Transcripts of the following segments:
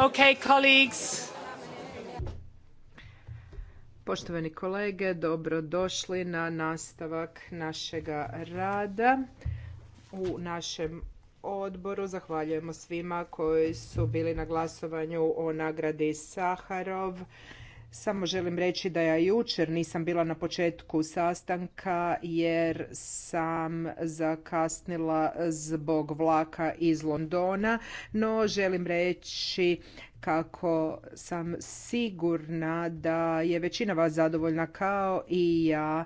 Okay, colleagues. Poštovani kolege, dobrodošli na nastavak našega rada u našem odboru. Zahvaljujemo svima koji su bili na glasovanju o nagradi Saharov. Samo želim reći da ja jučer nisam bila na početku sastanka jer sam zakasnila zbog vlaka iz Londona, no želim reći kako sam sigurna da je većina vas zadovoljna kao i ja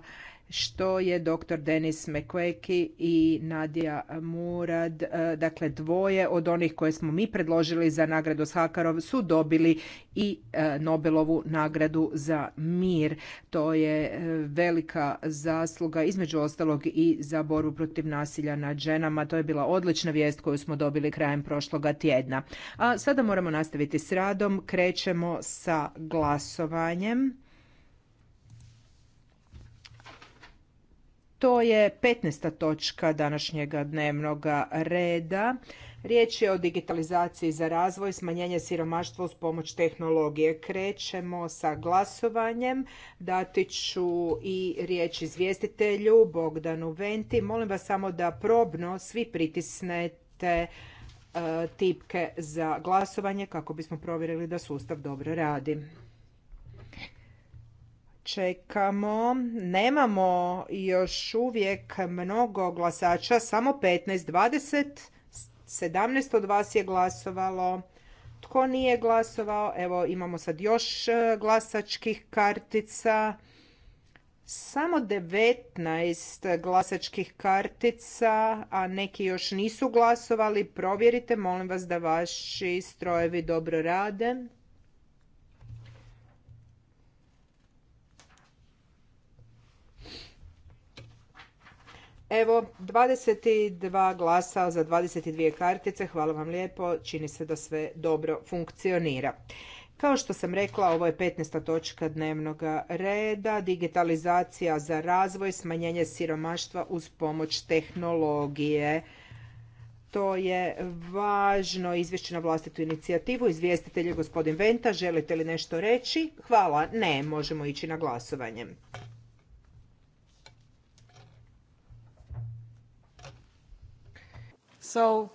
što je dr. Denis Mekveki i Nadija Murad, e, dakle dvoje od onih koje smo mi predložili za nagradu Sakarov su dobili i e, Nobelovu nagradu za mir. To je e, velika zasluga između ostalog i za borbu protiv nasilja nad ženama. To je bila odlična vijest koju smo dobili krajem prošloga tjedna. A sada moramo nastaviti s radom. Krećemo sa glasovanjem. To je 15. točka današnjega dnevnog reda. Riječ je o digitalizaciji za razvoj, smanjenje siromaštva uz pomoć tehnologije. Krećemo sa glasovanjem. Dati ću i riječ izvjestitelju Bogdanu Venti. Molim vas samo da probno svi pritisnete e, tipke za glasovanje kako bismo provjerili da sustav dobro radi čekamo. Nemamo još uvijek mnogo glasača, samo 15, 20, 17 od vas je glasovalo. Tko nije glasovao? Evo imamo sad još e, glasačkih kartica. Samo 19 glasačkih kartica, a neki još nisu glasovali. Provjerite, molim vas da vaši strojevi dobro rade. Evo, 22 glasa za 22 kartice, hvala vam lijepo, čini se da sve dobro funkcionira. Kao što sam rekla, ovo je 15. točka dnevnog reda, digitalizacija za razvoj, smanjenje siromaštva uz pomoć tehnologije. To je važno izvješće na vlastitu inicijativu. Izvjestitelj je gospodin Venta. Želite li nešto reći? Hvala. Ne, možemo ići na glasovanje. So,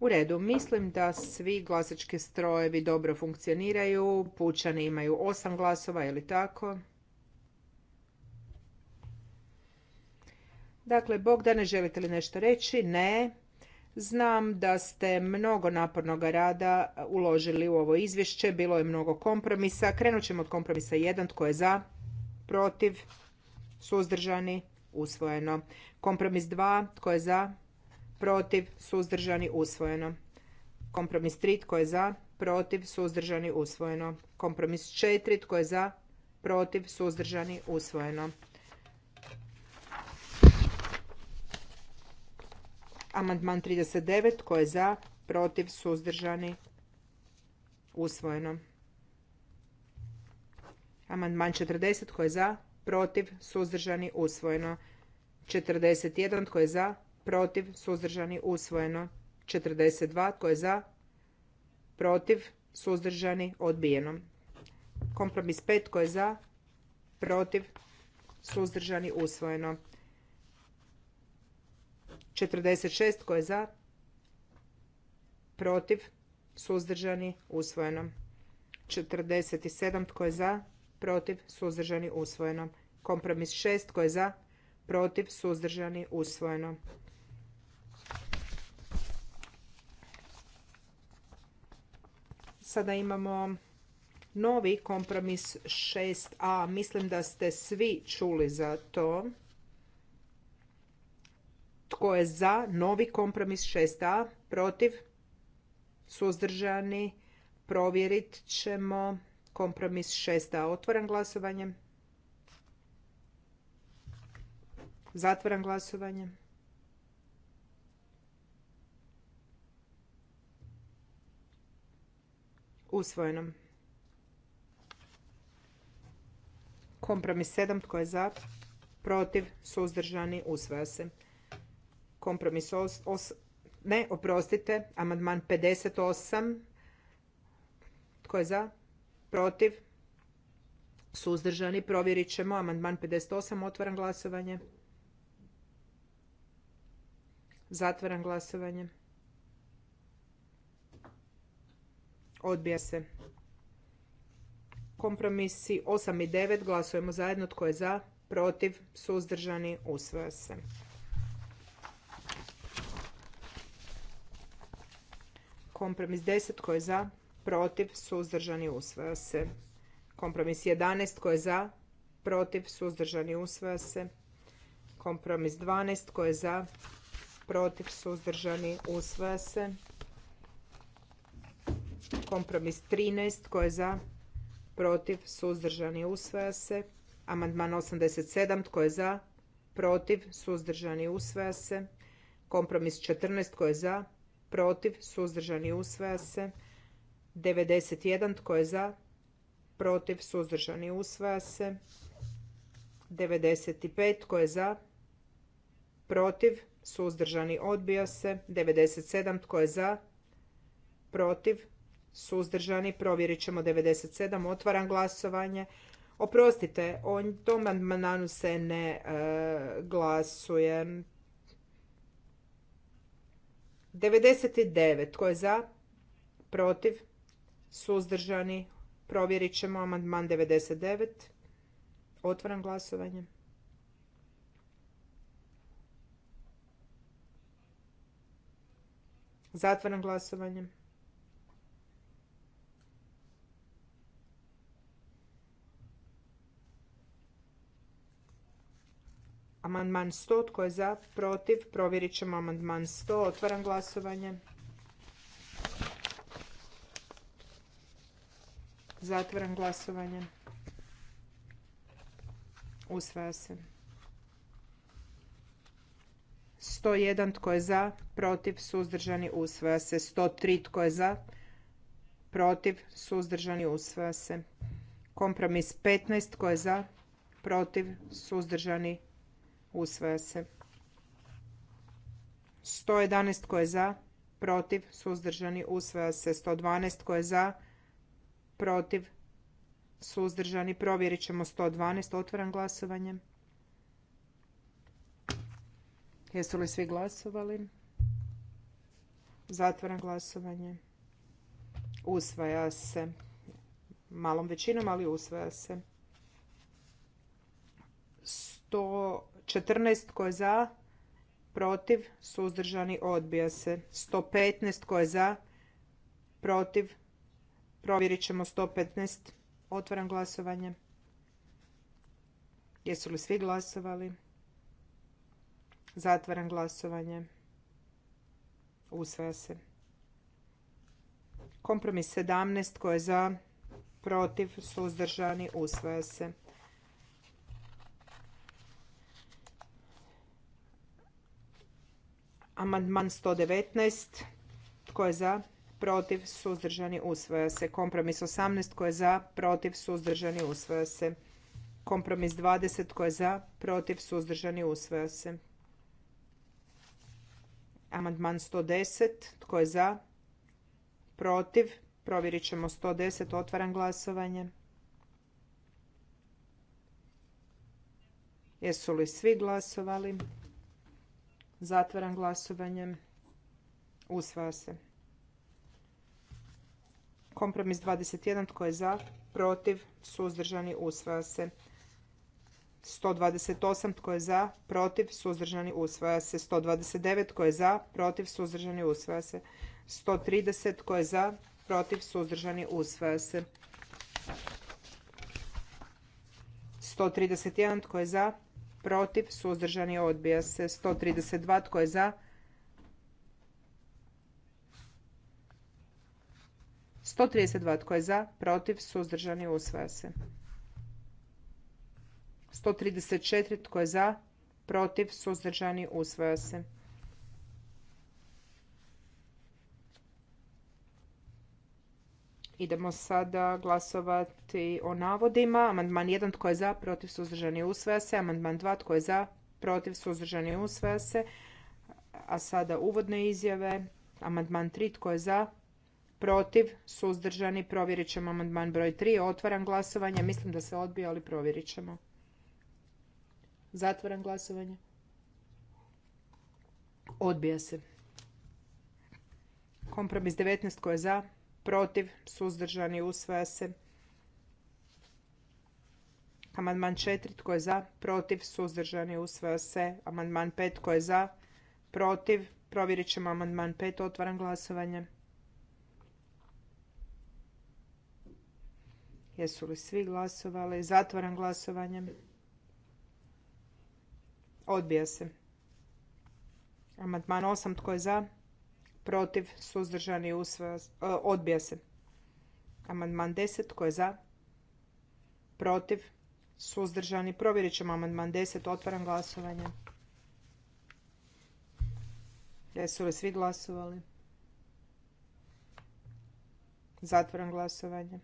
U redu, mislim da svi glasački strojevi dobro funkcioniraju, pučani imaju osam glasova ili tako. Dakle, Bogdane, želite li nešto reći? Ne. Znam da ste mnogo napornog rada uložili u ovo izvješće, bilo je mnogo kompromisa. Krenut ćemo od kompromisa 1, tko je za, protiv, suzdržani, usvojeno. Kompromis 2, tko je za, protiv, suzdržani, usvojeno. Kompromis 3, tko je za, protiv, suzdržani, usvojeno. Kompromis 4, tko je za, protiv, suzdržani, usvojeno. Amandman 39. Tko je za? Protiv? Suzdržani? Usvojeno. Amandman 40. Tko je za? Protiv? Suzdržani? Usvojeno. 41. Tko je za? Protiv? Suzdržani? Usvojeno. 42. Tko je za? Protiv? Suzdržani? Odbijeno. Kompromis 5. Tko je za? Protiv? Suzdržani? Usvojeno. 46 tko je za? Protiv? Suzdržani? Usvojeno. 47 tko je za? Protiv? Suzdržani? Usvojeno. Kompromis 6 tko je za? Protiv? Suzdržani? Usvojeno. Sada imamo novi kompromis 6a. Mislim da ste svi čuli za to. Tko je za novi kompromis 6a? Protiv? Suzdržani? Provjerit ćemo kompromis 6a. Otvoren glasovanje. zatvoran glasovanje. Usvojeno. Kompromis 7. Tko je za? Protiv? Suzdržani? Usvaja se kompromis os, ne, oprostite, amandman 58. Tko je za? Protiv? Suzdržani? Provjerit ćemo. Amandman 58. Otvaram glasovanje. Zatvaram glasovanje. Odbija se. Kompromisi 8 i 9. Glasujemo zajedno. Tko je za? Protiv? Suzdržani? Usvaja se. Kompromis 10 koji je za, protiv, suzdržani, usvaja se. Kompromis 11 koji je za, protiv, suzdržani, usvaja se. Kompromis 12 koji je za, protiv, suzdržani, usvaja se. Kompromis 13 koji je za, protiv, suzdržani, usvaja se. Amandman 87 tko je za, protiv, suzdržani, usvaja se. Kompromis 14 tko je za, protiv, suzdržani, usvaja se. 91 tko je za, protiv, suzdržani, usvaja se. 95 tko je za, protiv, suzdržani, odbija se. 97 tko je za, protiv, suzdržani, provjerit ćemo 97, otvaram glasovanje. Oprostite, o tom amandmanu se ne e, glasuje. 99. Tko je za? Protiv? Suzdržani? Provjerit ćemo amandman 99. Otvaram glasovanje. Zatvaram glasovanje. Amandman 100. Tko je za? Protiv? Provjerit ćemo amandman 100. Otvaram glasovanje. Zatvaram glasovanje. Usvaja se. 101 tko je za, protiv, suzdržani, usvaja se. 103 tko je za, protiv, suzdržani, usvaja se. Kompromis 15 tko je za, protiv, suzdržani, Usvaja se. 111 tko je za, protiv, suzdržani, usvaja se. 112 tko je za, protiv, suzdržani, provjerit ćemo 112, otvaram glasovanje. Jesu li svi glasovali? Zatvaram glasovanje. Usvaja se. Malom većinom, ali usvaja se. Sto 14 tko je za, protiv, suzdržani, odbija se. 115 tko je za, protiv, provjerit ćemo 115. Otvaram glasovanje. Jesu li svi glasovali? Zatvaram glasovanje. Usvaja se. Kompromis 17 tko je za, protiv, suzdržani, usvaja se. Amandman 119. Tko je za? Protiv. Suzdržani. Usvaja se. Kompromis 18. Tko je za? Protiv. Suzdržani. Usvaja se. Kompromis 20. Tko je za? Protiv. Suzdržani. Usvaja se. Amandman 110. Tko je za? Protiv. Provjerit ćemo 110. Otvaram glasovanje. Jesu li svi glasovali? Zatvaram glasovanjem. Usvaja se. Kompromis 21. Tko je za? Protiv? Suzdržani? Usvaja se. 128. Tko je za? Protiv? Suzdržani? Usvaja se. 129. Tko je za? Protiv? Suzdržani? Usvaja se. 130. Tko je za? Protiv? Suzdržani? Usvaja se. 131. Tko je za? protiv, suzdržani, odbija se. 132 tko je za? 132 tko je za, protiv, suzdržani, usvaja se. 134 tko je za, protiv, suzdržani, usvaja se. Idemo sada glasovati o navodima. Amandman 1 tko je za, protiv suzdržani usvaja se. Amandman 2 tko je za, protiv suzdržani usvaja se. A sada uvodne izjave. Amandman 3 tko je za, protiv suzdržani. Provjerit ćemo amandman broj 3. Otvaram glasovanje. Mislim da se odbija, ali provjerit ćemo. Zatvaram glasovanje. Odbija se. Kompromis 19 tko je za, protiv, suzdržani, usvaja se. Amandman 4. Tko je za? Protiv, suzdržani, usvaja se. Amandman 5. Tko je za? Protiv. Provjerit ćemo amandman 5. Otvaram glasovanje. Jesu li svi glasovali? Zatvaram glasovanje. Odbija se. Amandman 8. Tko je za? protiv, suzdržani, usvaja, e, odbija se. Amandman 10, tko je za? Protiv, suzdržani, provjerit ćemo amandman 10, otvaram glasovanje. Jesu li svi glasovali? Zatvaram glasovanje.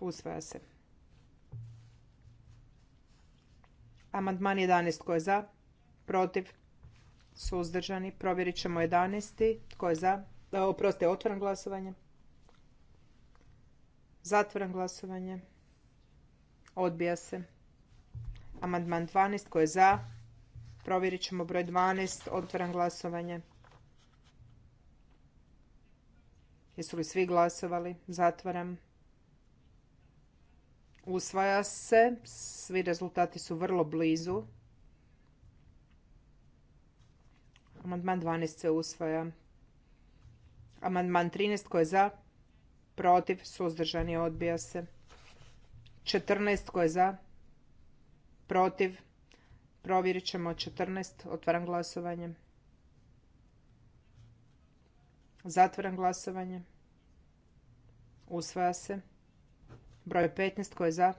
Usvaja se. Amandman 11, tko je za? Protiv, suzdržani. Provjerit ćemo 11. Tko je za? E, oprostite, otvoram glasovanje. Zatvoram glasovanje. Odbija se. Amandman 12. Tko je za? Provjerit ćemo broj 12. Otvaram glasovanje. Jesu li svi glasovali? Zatvaram. Usvaja se. Svi rezultati su vrlo blizu. Amandman 12 se usvaja. Amandman 13 koji je za? Protiv, suzdržani, odbija se. 14 koji je za? Protiv. Provjerit ćemo 14. Otvaram glasovanje. Zatvaram glasovanje. Usvaja se. Broj 15 koji je za?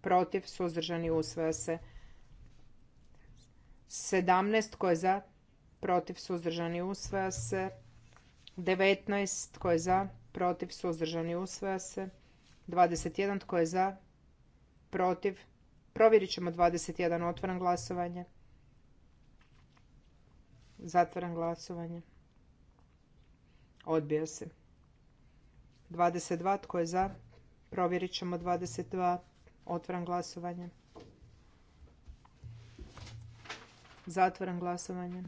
Protiv, suzdržani, usvaja se. 17 koji je za? protiv suzdržani usvaja se 19 tko je za protiv suzdržani usvaja se 21 tko je za protiv provjerit ćemo 21 otvoren glasovanje Zatvoren glasovanje odbija se 22 tko je za provjerit ćemo 22 otvoren glasovanje Zatvoren glasovanje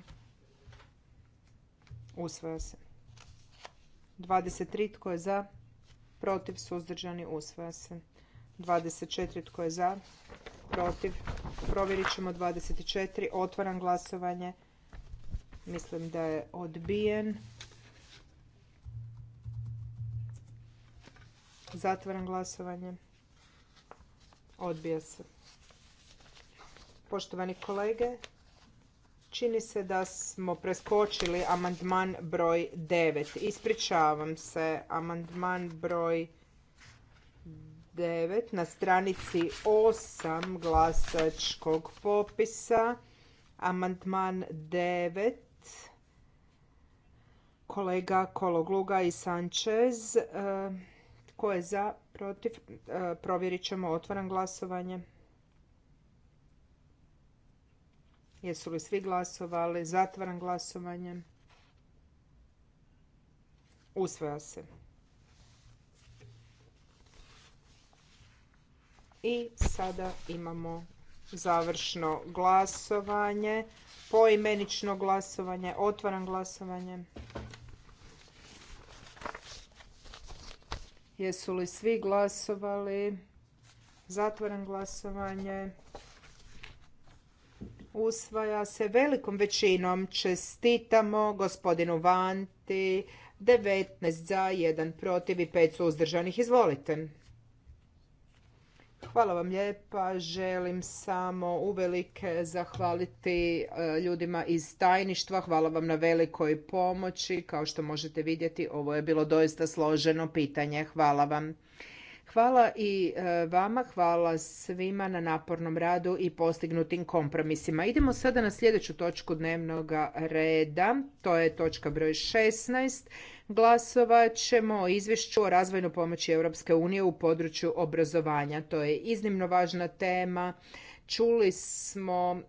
Usvaja se. 23 tko je za? Protiv suzdržani usvaja se. 24 tko je za? Protiv. Provjerit ćemo 24. Otvaram glasovanje. Mislim da je odbijen. Zatvaram glasovanje. Odbija se. Poštovani kolege, Čini se da smo preskočili amandman broj 9. Ispričavam se, amandman broj 9 na stranici 8 glasačkog popisa. Amandman 9 kolega Kologluga i Sanchez. E, tko je za, protiv? E, provjerit ćemo. Otvaram glasovanje. Jesu li svi glasovali? Zatvaram glasovanje. Usvaja se. I sada imamo završno glasovanje. Poimenično glasovanje. Otvaram glasovanje. Jesu li svi glasovali? Zatvaram glasovanje usvaja se velikom većinom. Čestitamo gospodinu Vanti, 19 za, 1 protiv i 5 suzdržanih. Izvolite. Hvala vam lijepa. Želim samo uvelike zahvaliti e, ljudima iz tajništva. Hvala vam na velikoj pomoći. Kao što možete vidjeti, ovo je bilo doista složeno pitanje. Hvala vam. Hvala i e, vama, hvala svima na napornom radu i postignutim kompromisima. Idemo sada na sljedeću točku dnevnog reda, to je točka broj 16. Glasovat ćemo o izvješću o razvojnoj pomoći Europske unije u području obrazovanja. To je iznimno važna tema. Čuli smo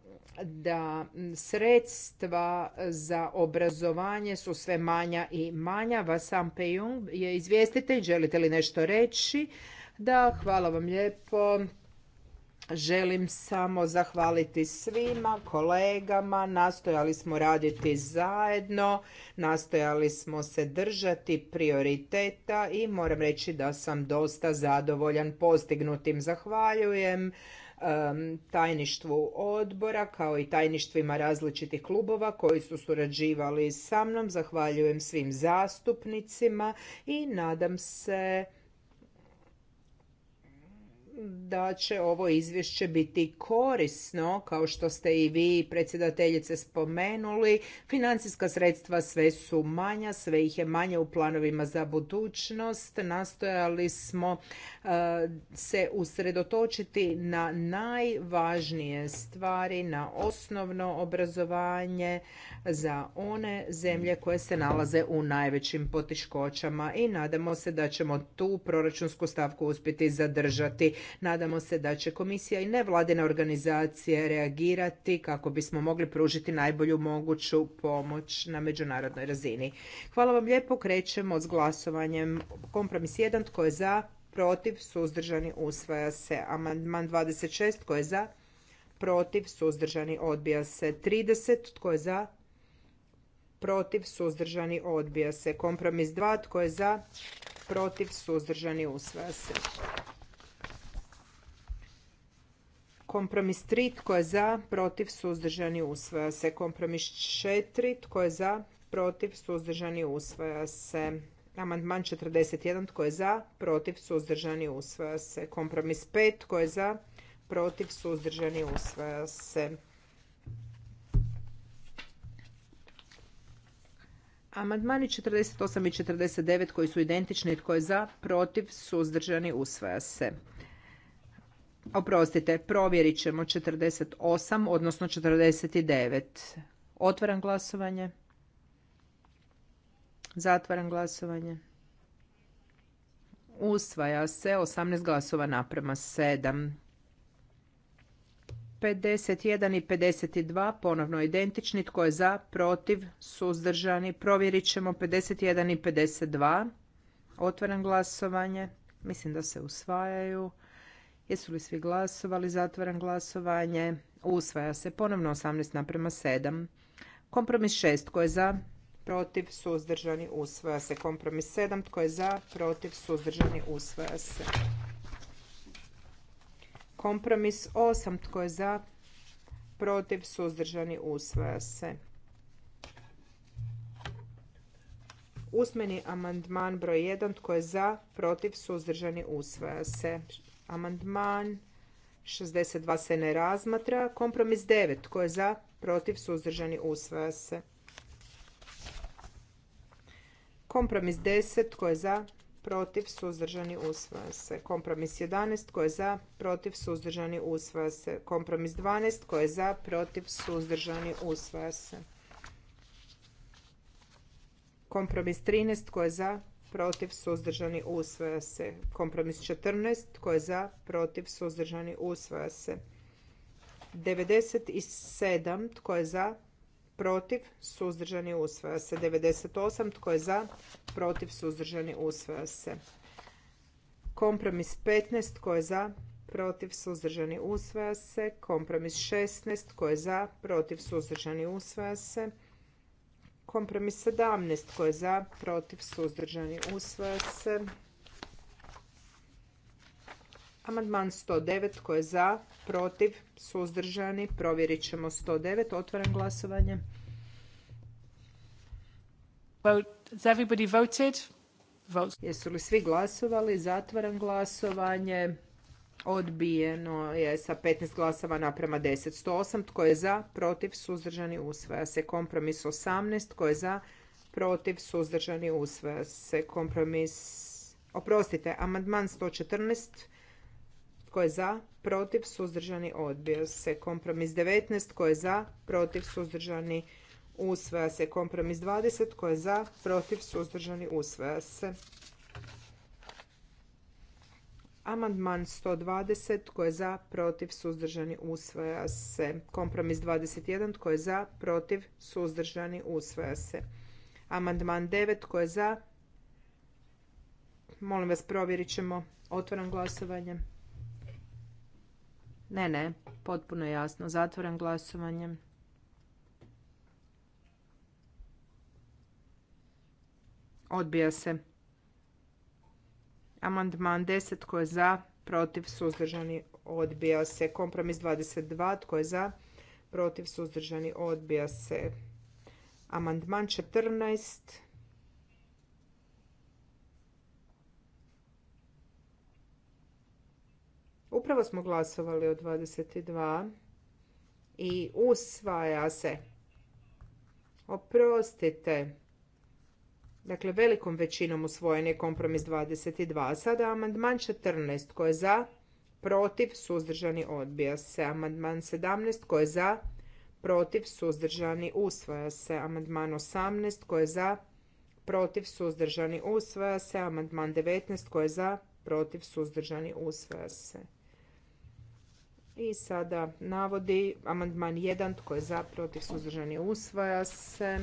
da sredstva za obrazovanje su sve manja i manja. sam Pejung je izvjestitelj, želite li nešto reći? Da, hvala vam lijepo. Želim samo zahvaliti svima kolegama, nastojali smo raditi zajedno, nastojali smo se držati prioriteta i moram reći da sam dosta zadovoljan postignutim. Zahvaljujem tajništvu odbora kao i tajništvima različitih klubova koji su surađivali sa mnom. Zahvaljujem svim zastupnicima i nadam se da će ovo izvješće biti korisno, kao što ste i vi predsjedateljice spomenuli. Financijska sredstva sve su manja, sve ih je manje u planovima za budućnost. Nastojali smo e, se usredotočiti na najvažnije stvari, na osnovno obrazovanje za one zemlje koje se nalaze u najvećim poteškoćama. i nadamo se da ćemo tu proračunsku stavku uspjeti zadržati Nadamo se da će komisija i nevladine organizacije reagirati kako bismo mogli pružiti najbolju moguću pomoć na međunarodnoj razini. Hvala vam lijepo, krećemo s glasovanjem. Kompromis 1, tko je za, protiv, suzdržani, usvaja se. Amandman 26, tko je za, protiv, suzdržani, odbija se. 30, tko je za, protiv, suzdržani, odbija se. Kompromis 2, tko je za, protiv, suzdržani, usvaja se. Kompromis 3. Tko je za? Protiv? Suzdržani? Usvaja se. Kompromis 4. Tko je za? Protiv? Suzdržani? Usvaja se. Amandman 41. Tko je za? Protiv? Suzdržani? Usvaja se. Kompromis 5. Tko je za? Protiv? Suzdržani? Usvaja se. Amandmani 48 i 49 koji su identični. Tko je za? Protiv? Suzdržani? Usvaja se oprostite, provjerit ćemo 48, odnosno 49. Otvaram glasovanje. Zatvaram glasovanje. Usvaja se 18 glasova naprema 7. 51 i 52 ponovno identični. Tko je za, protiv, suzdržani. Provjerit ćemo 51 i 52. Otvaram glasovanje. Mislim da se usvajaju. Jesu li svi glasovali? Zatvaram glasovanje. Usvaja se ponovno 18 naprema 7. Kompromis 6. Tko je za? Protiv. Suzdržani. Usvaja se. Kompromis 7. Tko je za? Protiv. Suzdržani. Usvaja se. Kompromis 8. Tko je za? Protiv. Suzdržani. Usvaja se. Usmeni amandman broj 1. Tko je za? Protiv. Suzdržani. Usvaja se. Amandman 62 se ne razmatra. Kompromis 9. Tko je za? Protiv? Suzdržani? Usvaja se. Kompromis 10. Tko je za? Protiv? Suzdržani? Usvaja se. Kompromis 11. Tko je za? Protiv? Suzdržani? Usvaja se. Kompromis 12. Tko je za? Protiv? Suzdržani? Usvaja se. Kompromis 13. Tko je za? protiv, suzdržani, usvaja se. Kompromis 14, tko je za, protiv, suzdržani, usvaja se. 97, tko je za, protiv, suzdržani, usvaja se. 98, tko je za, protiv, suzdržani, usvaja se. Kompromis 15, tko je za, protiv, suzdržani, usvaja se. Kompromis 16, tko je za, protiv, suzdržani, usvaja se. Kompromis 17. Tko je za? Protiv? Suzdržani? Usvaja se. Amandman 109. Tko je za? Protiv? Suzdržani? Provjerit ćemo 109. Otvaram glasovanje. Jesu li svi glasovali? Zatvaram glasovanje. Odbijeno je sa 15 glasova naprema 10. 108. Tko je za? Protiv? Suzdržani? Usvaja se. Kompromis 18. Tko je za? Protiv? Suzdržani? Usvaja se. Kompromis... Oprostite, amandman 114. Tko je za? Protiv? Suzdržani? Odbija se. Kompromis 19. Tko je za? Protiv? Suzdržani? Usvaja se. Kompromis 20. Tko je za? Protiv? Suzdržani? Usvaja se. Amandman 120, tko je za, protiv, suzdržani, usvaja se. Kompromis 21, tko je za, protiv, suzdržani, usvaja se. Amandman 9, tko je za, molim vas provjerit ćemo. Otvoram glasovanje. Ne, ne, potpuno jasno. Zatvoram glasovanje. Odbija se. Amandman 10 tko je za, protiv, suzdržani, odbija se. Kompromis 22 tko je za, protiv, suzdržani, odbija se. Amandman 14 Upravo smo glasovali o 22 i usvaja se. Oprostite. Dakle, velikom većinom usvojen je kompromis 22. Sada amandman 14. Tko je za? Protiv? Suzdržani? Odbija se. Amandman 17. Tko je za? Protiv? Suzdržani? Usvaja se. Amandman 18. Tko je za? Protiv? Suzdržani? Usvaja se. Amandman 19. Tko je za? Protiv? Suzdržani? Usvaja se. I sada navodi amandman 1. Tko je za? Protiv? Suzdržani? Usvaja se.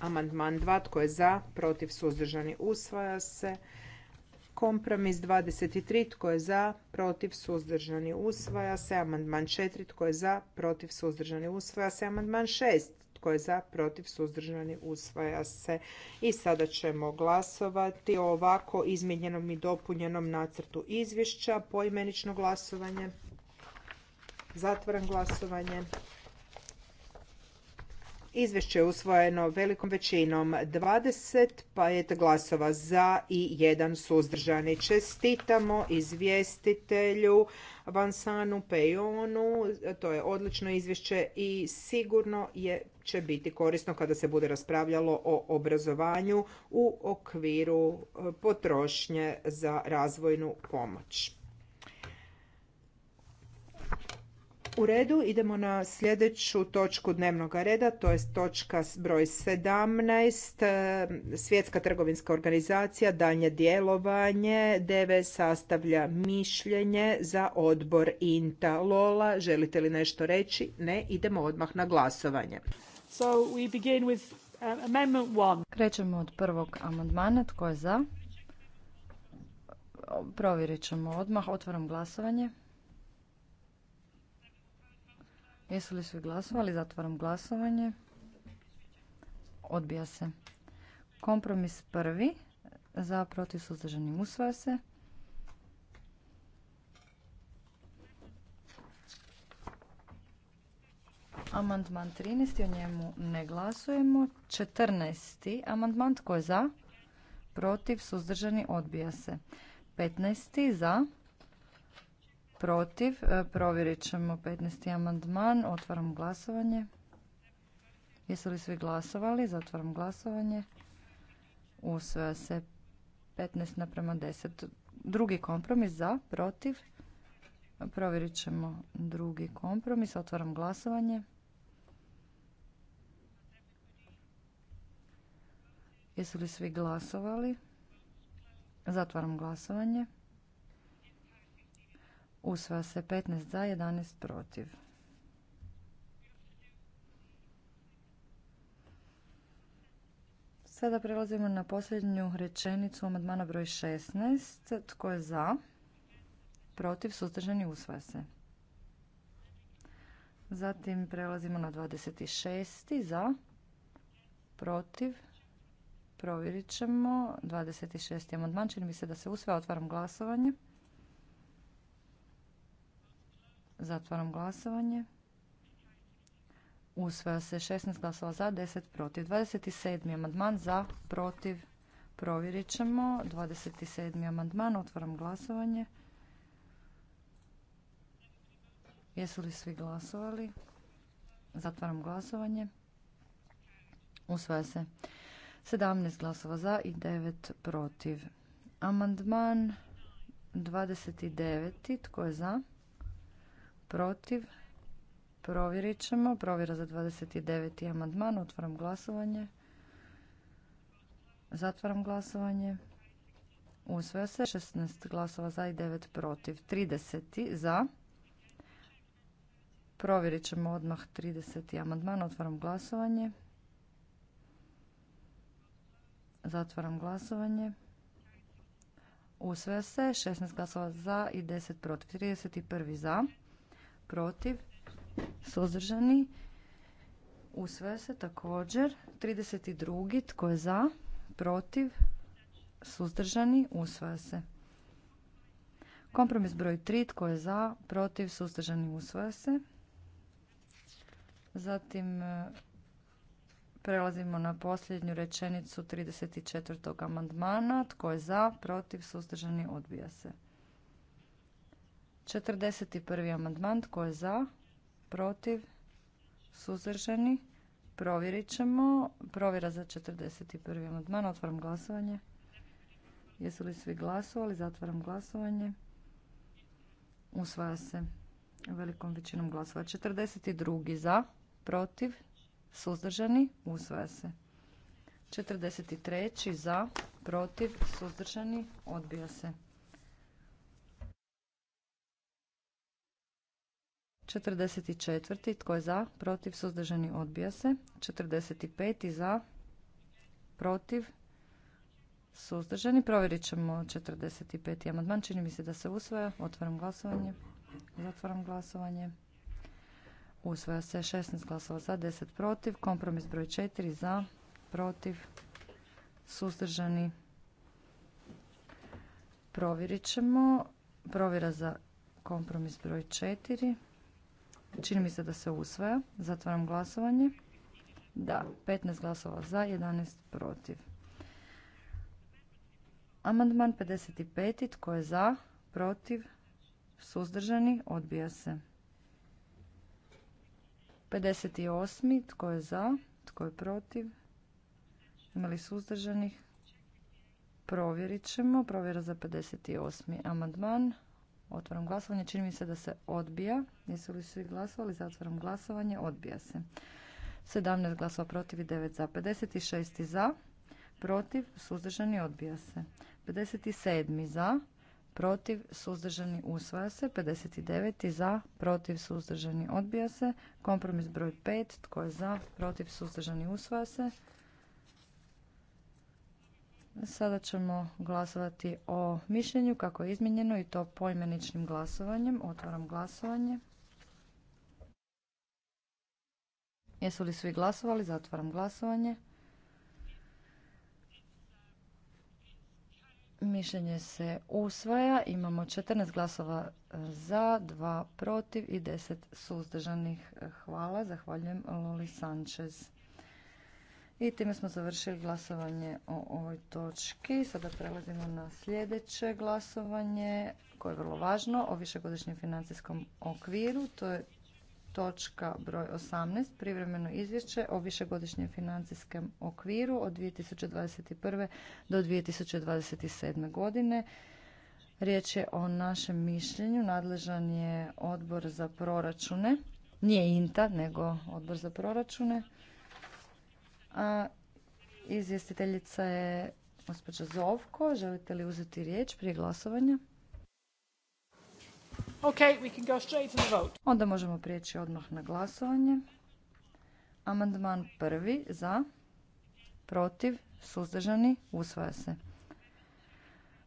Amandman 2. Tko je za? Protiv? Suzdržani? Usvaja se. Kompromis 23. Tko je za? Protiv? Suzdržani? Usvaja se. Amandman 4. Tko je za? Protiv? Suzdržani? Usvaja se. Amandman 6. Tko je za? Protiv? Suzdržani? Usvaja se. I sada ćemo glasovati o ovako izmijenjenom i dopunjenom nacrtu izvješća. Poimenično glasovanje. Zatvaram glasovanje. Izvješće je usvojeno velikom većinom pa je glasova za i jedan suzdržani. Čestitamo izvjestitelju Vansanu Pejonu. To je odlično izvješće i sigurno je, će biti korisno kada se bude raspravljalo o obrazovanju u okviru e, potrošnje za razvojnu pomoć. U redu, idemo na sljedeću točku dnevnog reda, to je točka broj 17, e, Svjetska trgovinska organizacija, daljnje djelovanje, DV sastavlja mišljenje za odbor INTA. Lola, želite li nešto reći? Ne, idemo odmah na glasovanje. Um, Krećemo od prvog amandmana, tko je za? Provjerit ćemo odmah, otvaram glasovanje. Jesu li svi glasovali? Zatvaram glasovanje. Odbija se. Kompromis prvi. Za protiv suzdržanim usvaja se. Amandman 13. O njemu ne glasujemo. 14. Amandman tko je za? Protiv suzdržani odbija se. 15. Za protiv. E, provjerit ćemo 15. amandman. Otvaram glasovanje. Jesu li svi glasovali? Zatvaram glasovanje. Usvoja se 15 naprema 10. Drugi kompromis za, protiv. Provjerit ćemo drugi kompromis. Otvaram glasovanje. Jesu li svi glasovali? Zatvaram glasovanje. Usvaja se 15 za, 11 protiv. Sada prelazimo na posljednju rečenicu amandmana broj 16. Tko je za? Protiv, suzdržani, usvaja se. Zatim prelazimo na 26. Za? Protiv? Provjerit ćemo. 26. amandman. Čini mi se da se usvaja. Otvaram glasovanje. Zatvaram glasovanje. Usvaja se 16 glasova za, 10 protiv. 27. amandman za, protiv. Provjerit ćemo. 27. amandman. Otvaram glasovanje. Jesu li svi glasovali? Zatvaram glasovanje. Usvaja se 17 glasova za i 9 protiv. Amandman 29. Tko je za? protiv? Provjerit ćemo. Provjera za 29. amandman. Otvaram glasovanje. Zatvaram glasovanje. Usveo se 16 glasova za i 9 protiv. 30 za. Provjerit ćemo odmah 30. amandman. Otvaram glasovanje. Zatvaram glasovanje. Usve se 16 glasova za i 10 protiv. 31 za protiv, suzdržani, usvaja se također. 32. tko je za, protiv, suzdržani, usvaja se. Kompromis broj 3, tko je za, protiv, suzdržani, usvaja se. Zatim e, prelazimo na posljednju rečenicu 34. amandmana. Tko je za, protiv, suzdržani, odbija se. 41. amandman tko je za? Protiv? Suzdržani? Provjerit ćemo. Provjera za 41. amandman. Otvaram glasovanje. Jesu li svi glasovali? Zatvaram glasovanje. Usvaja se velikom većinom glasova. 42. za, protiv, suzdržani, usvaja se. 43. za, protiv, suzdržani, odbija se. 44. Tko je za? Protiv? Suzdržani? Odbija se. 45. Za? Protiv? Suzdržani? Provjerit ćemo 45. amandman. Čini mi se da se usvaja. Otvaram glasovanje. Zatvaram glasovanje. Usvaja se 16 glasova za, 10 protiv. Kompromis broj 4 za, protiv, suzdržani. Provjerit ćemo. Provjera za kompromis broj 4. Čini mi se da se usvaja. Zatvaram glasovanje. Da, 15 glasova za, 11 protiv. Amandman 55. Tko je za? Protiv? Suzdržani? Odbija se. 58. Tko je za? Tko je protiv? Imali li suzdržanih? Provjerit ćemo. Provjera za 58. amandman. Otvaram glasovanje. Čini mi se da se odbija. Jesu li svi glasovali? Zatvaram glasovanje. Odbija se. 17 glasova protiv i 9 za. 56 za. Protiv. Suzdržani. Odbija se. 57 za. Protiv. Suzdržani. Usvaja se. 59 za. Protiv. Suzdržani. Odbija se. Kompromis broj 5. Tko je za? Protiv. Suzdržani. Usvaja se. Sada ćemo glasovati o mišljenju kako je izmijenjeno i to poimeničnim glasovanjem. Otvaram glasovanje. Jesu li svi glasovali? Zatvaram glasovanje. Mišljenje se usvaja. Imamo 14 glasova e, za, 2 protiv i 10 suzdržanih. Hvala. Zahvaljujem Loli Sanchez. I time smo završili glasovanje o ovoj točki. Sada prelazimo na sljedeće glasovanje koje je vrlo važno o višegodišnjem financijskom okviru. To je točka broj 18, privremeno izvješće o višegodišnjem financijskom okviru od 2021. do 2027. godine. Riječ je o našem mišljenju. Nadležan je odbor za proračune. Nije INTA, nego odbor za proračune. A izvjestiteljica je gospođa Zovko. Želite li uzeti riječ prije glasovanja? Onda možemo prijeći odmah na glasovanje. Amandman prvi za, protiv, suzdržani, usvaja se.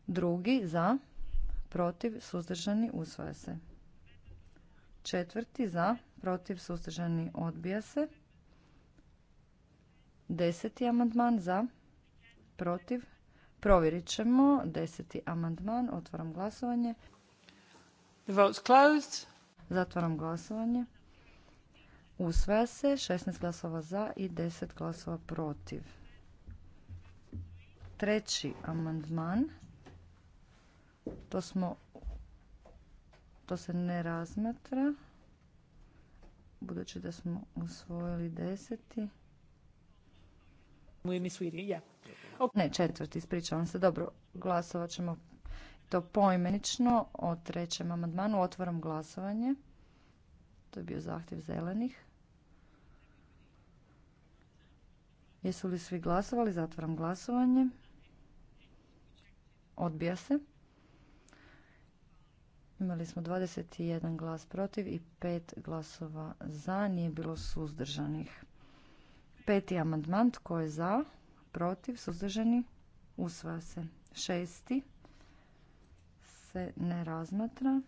Drugi za, protiv, suzdržani, usvaja se. Četvrti za, protiv, suzdržani, odbija se. Deseti amandman za, protiv. Provjerit ćemo. Deseti amandman. Otvaram glasovanje. The vote's closed. Zatvaram glasovanje. Usvaja se 16 glasova za i 10 glasova protiv. Treći amandman. To smo to se ne razmatra budući da smo usvojili deseti. Ne, četvrti, ispričavam se. Dobro, glasovat ćemo to poimenično o trećem amandmanu. Otvaram glasovanje. To je bio zahtjev zelenih. Jesu li svi glasovali? Zatvaram glasovanje. Odbija se. Imali smo 21 glas protiv i 5 glasova za. Nije bilo suzdržanih. Peti amandman, tko je za? Protiv, suzdržani, usvaja se. Šesti se ne razmatra.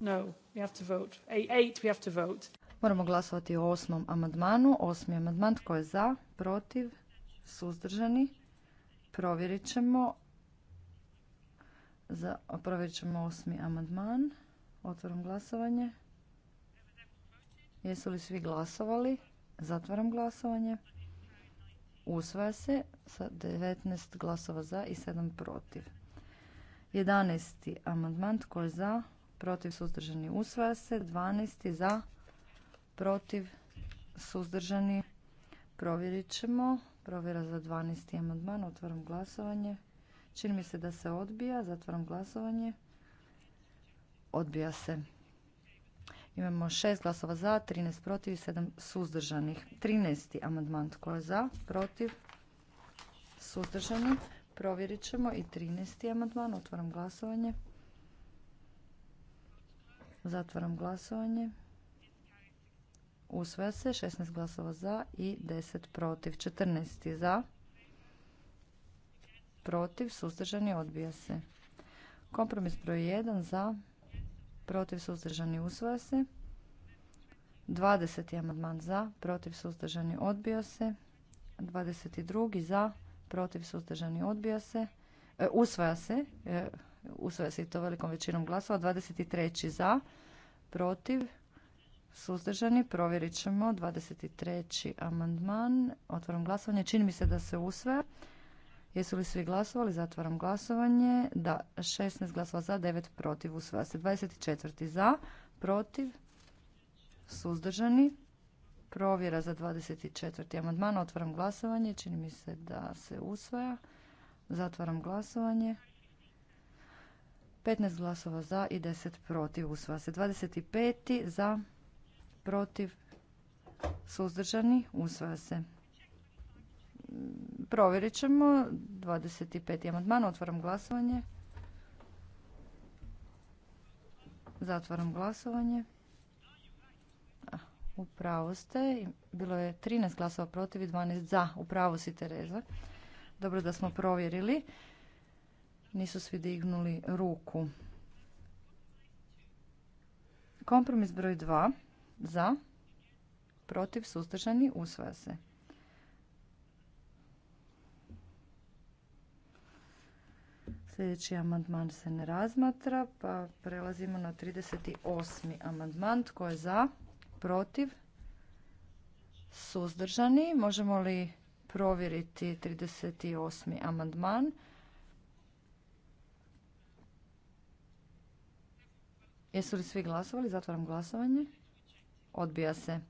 No, we have to vote. we have to vote. Moramo glasovati o osmom amandmanu. Osmi amandman, tko je za? Protiv, suzdržani. Provjerit ćemo. Za, provjerit ćemo osmi amandman. Otvaram glasovanje. Jesu li svi glasovali? Zatvaram glasovanje. Usvaja se sa 19 glasova za i 7 protiv. 11. amandman tko je za, protiv suzdržani usvaja se. 12. za, protiv suzdržani provjerit ćemo. Provjera za 12. amandman. Otvaram glasovanje. Čini mi se da se odbija. Zatvaram glasovanje. Odbija se. Imamo šest glasova za, 13 protiv i 7 suzdržanih. 13. amandman tko je za, protiv, suzdržani. Provjerit ćemo i 13. amandman. Otvaram glasovanje. Zatvaram glasovanje. Usvaja se 16 glasova za i 10 protiv. 14 za, protiv, suzdržani, odbija se. Kompromis broj 1 za, protiv suzdržani usvoja se. 20. amandman za, protiv suzdržani odbio se. 22. za, protiv suzdržani odbio se. E, usvaja se, Usvoja e, usvaja se i to velikom većinom glasova. 23. za, protiv suzdržani. Provjerit ćemo 23. amandman. Otvaram glasovanje. Čini mi se da se usvoja. Jesu li svi glasovali? Zatvaram glasovanje. Da, 16 glasova za, 9 protiv, usvaja se. 24. za, protiv, suzdržani. Provjera za 24. amandman. Otvaram glasovanje. Čini mi se da se usvaja. Zatvaram glasovanje. 15 glasova za i 10 protiv. Usvaja se. 25. za, protiv, suzdržani. Usvaja se. Provjerit ćemo. 25. amandman. Otvaram glasovanje. Zatvaram glasovanje. U pravu ste. Bilo je 13 glasova protiv i 12 za. U si Tereza. Dobro da smo provjerili. Nisu svi dignuli ruku. Kompromis broj 2. Za. Protiv. Suzdržani. Usvaja se. Sljedeći amandman se ne razmatra, pa prelazimo na 38. amandman. Tko je za? Protiv? Suzdržani? Možemo li provjeriti 38. amandman? Jesu li svi glasovali? Zatvaram glasovanje. Odbija se.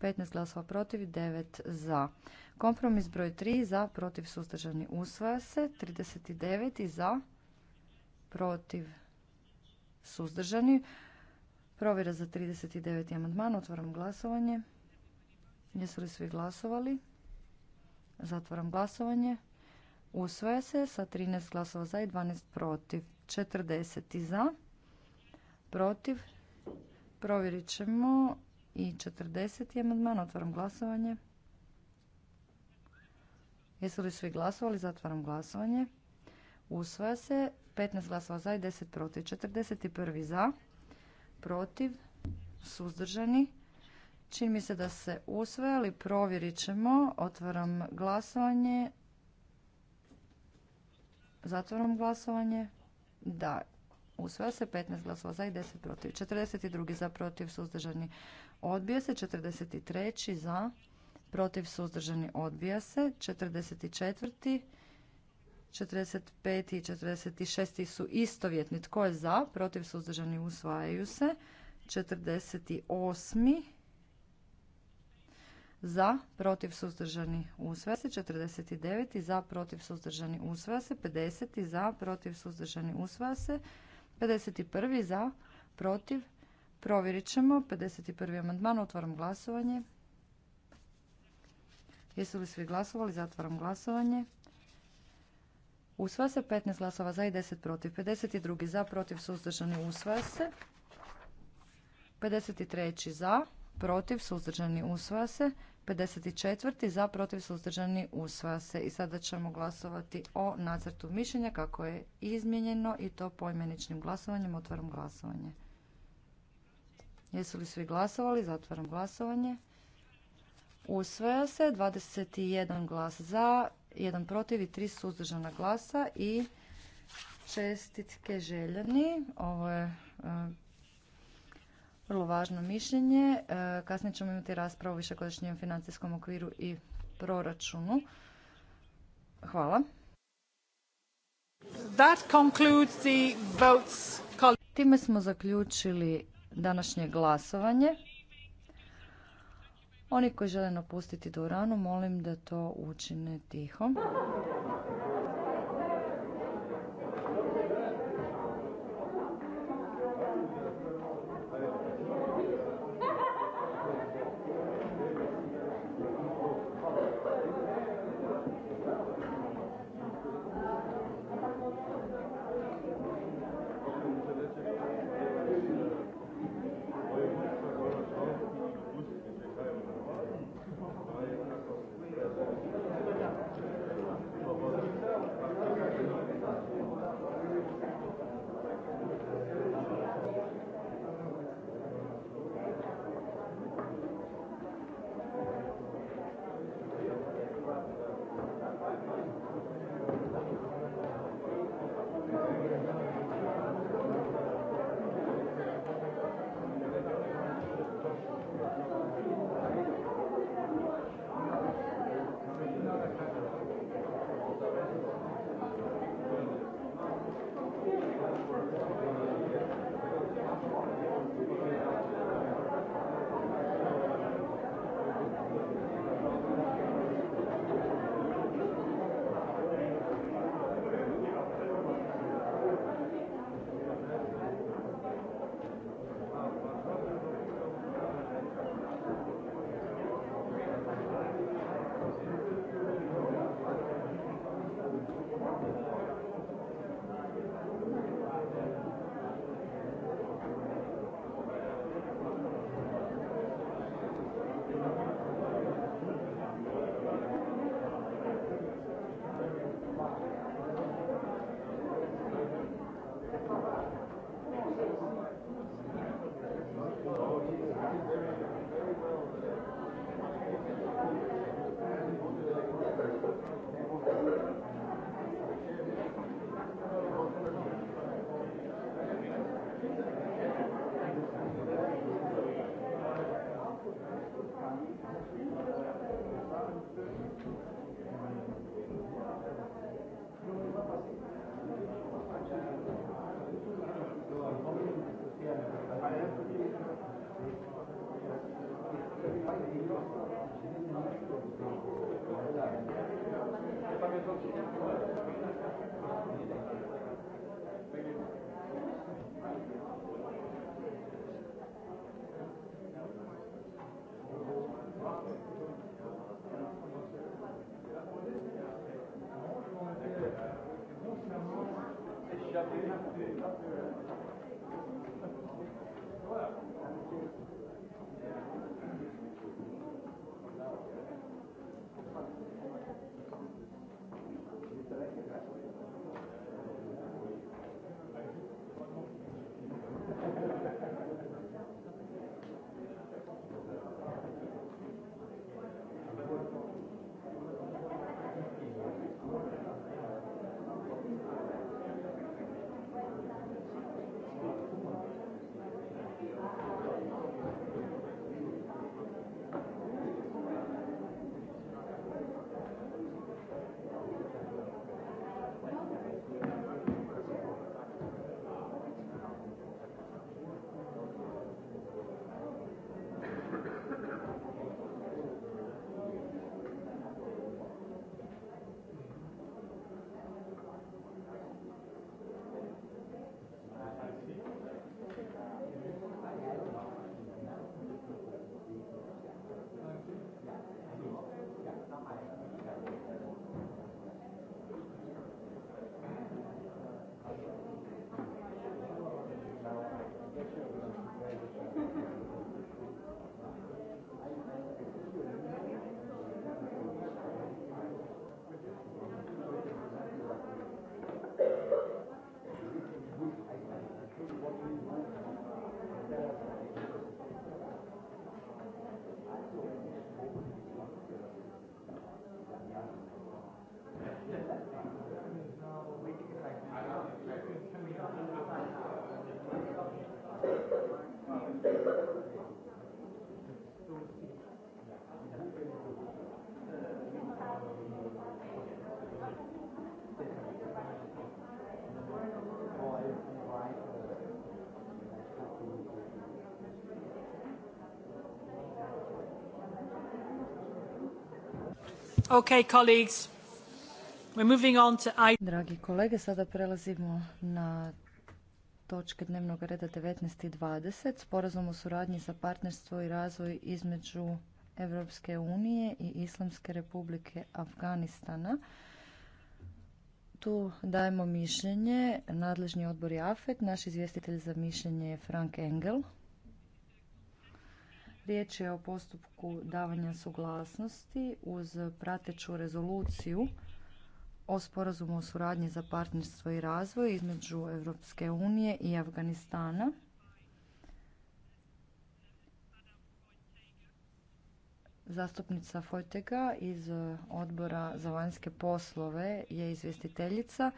15 glasova protiv, 9 za. Kompromis broj 3 za, protiv, suzdržani, usvaja se. 39 za, protiv, suzdržani. Provjera za 39. amandman. Otvaram glasovanje. Jesu li svi glasovali? Zatvaram glasovanje. Usvaja se sa 13 glasova za i 12 protiv. 40 za, protiv. Provjerit ćemo i 40. amandman. Otvaram glasovanje. Jesu li svi glasovali? Zatvaram glasovanje. Usvaja se. 15 glasova za i 10 protiv. 41 za, protiv, suzdržani. Čini mi se da se usvaja, ali provjerit ćemo. Otvaram glasovanje. Zatvaram glasovanje. Da, usvaja se 15 glasova za i 10 protiv. 42 za protiv, suzdržani. Odbija se 43 za, protiv suzdržani odbija se. 44. 45. i 46. su istovjetni. Tko je za? Protiv suzdržani usvajaju se. 48. Za, protiv suzdržani usvaja se. 49. Za, protiv suzdržani usvaja se. 50. Za, protiv suzdržani usvaja se. 51. Za, protiv. Provjerit ćemo. 51. amandman. Otvaram glasovanje. Jesu li svi glasovali? Zatvaram glasovanje. Usvaja se 15 glasova za i 10 protiv. 52 za, protiv, suzdržani, usvaja se. 53 za, protiv, suzdržani, usvaja se. 54 za, protiv, suzdržani, usvaja se. I sada ćemo glasovati o nacrtu mišljenja kako je izmjenjeno i to poimeničnim glasovanjem. Otvaram glasovanje. Jesu li svi glasovali? Zatvaram glasovanje. Usvaja se 21 glas za, jedan protiv i tri suzdržana glasa i čestitke željeni. Ovo je e, vrlo važno mišljenje. E, kasnije ćemo imati raspravu o višegodišnjem financijskom okviru i proračunu. Hvala. That concludes Time smo zaključili današnje glasovanje. Oni koji žele napustiti dvoranu, molim da to učine tiho. da Okay, Dragi kolege, sada prelazimo na točke dnevnog reda 19 i 20, sporazum o suradnji za partnerstvo i razvoj između Europske unije i Islamske republike Afganistana. Tu dajemo mišljenje, nadležni odbor je AFET, naš izvjestitelj za mišljenje je Frank Engel. Riječ je o postupku davanja suglasnosti uz prateću rezoluciju o sporazumu o suradnji za partnerstvo i razvoj između Europske unije i Afganistana. Zastupnica Fojtega iz Odbora za vanjske poslove je izvjestiteljica.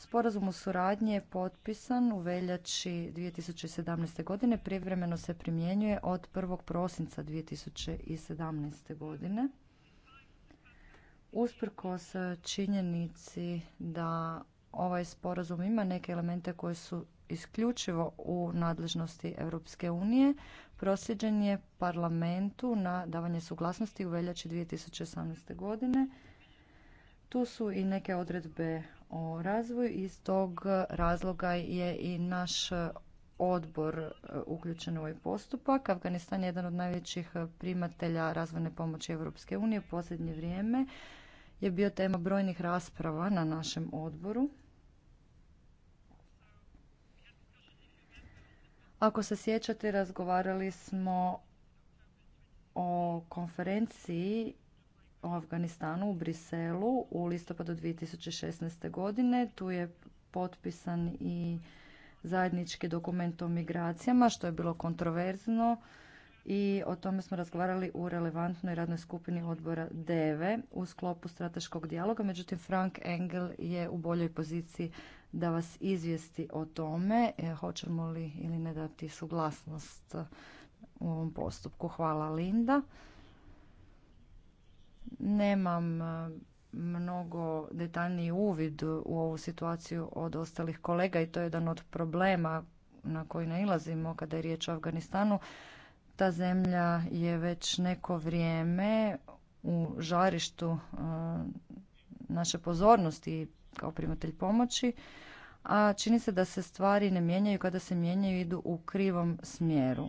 Sporazum o suradnji je potpisan u veljači 2017. godine, privremeno se primjenjuje od 1. prosinca 2017. godine. Usprkos činjenici da ovaj sporazum ima neke elemente koji su isključivo u nadležnosti Europske unije, proslijeđen je parlamentu na davanje suglasnosti u veljači 2018. godine. Tu su i neke odredbe o razvoju i iz tog razloga je i naš odbor e, uključen u ovaj postupak. Afganistan je jedan od najvećih primatelja razvojne pomoći Europske unije. U posljednje vrijeme je bio tema brojnih rasprava na našem odboru. Ako se sjećate, razgovarali smo o konferenciji o Afganistanu u Briselu u listopadu 2016. godine. Tu je potpisan i zajednički dokument o migracijama, što je bilo kontroverzno i o tome smo razgovarali u relevantnoj radnoj skupini odbora DEVE u sklopu strateškog dijaloga. Međutim, Frank Engel je u boljoj poziciji da vas izvijesti o tome. E, hoćemo li ili ne dati suglasnost u ovom postupku. Hvala Linda. Nemam e, mnogo detaljniji uvid u ovu situaciju od ostalih kolega i to je jedan od problema na koji nailazimo kada je riječ o Afganistanu. Ta zemlja je već neko vrijeme u žarištu e, naše pozornosti kao primatelj pomoći, a čini se da se stvari ne mijenjaju, kada se mijenjaju idu u krivom smjeru.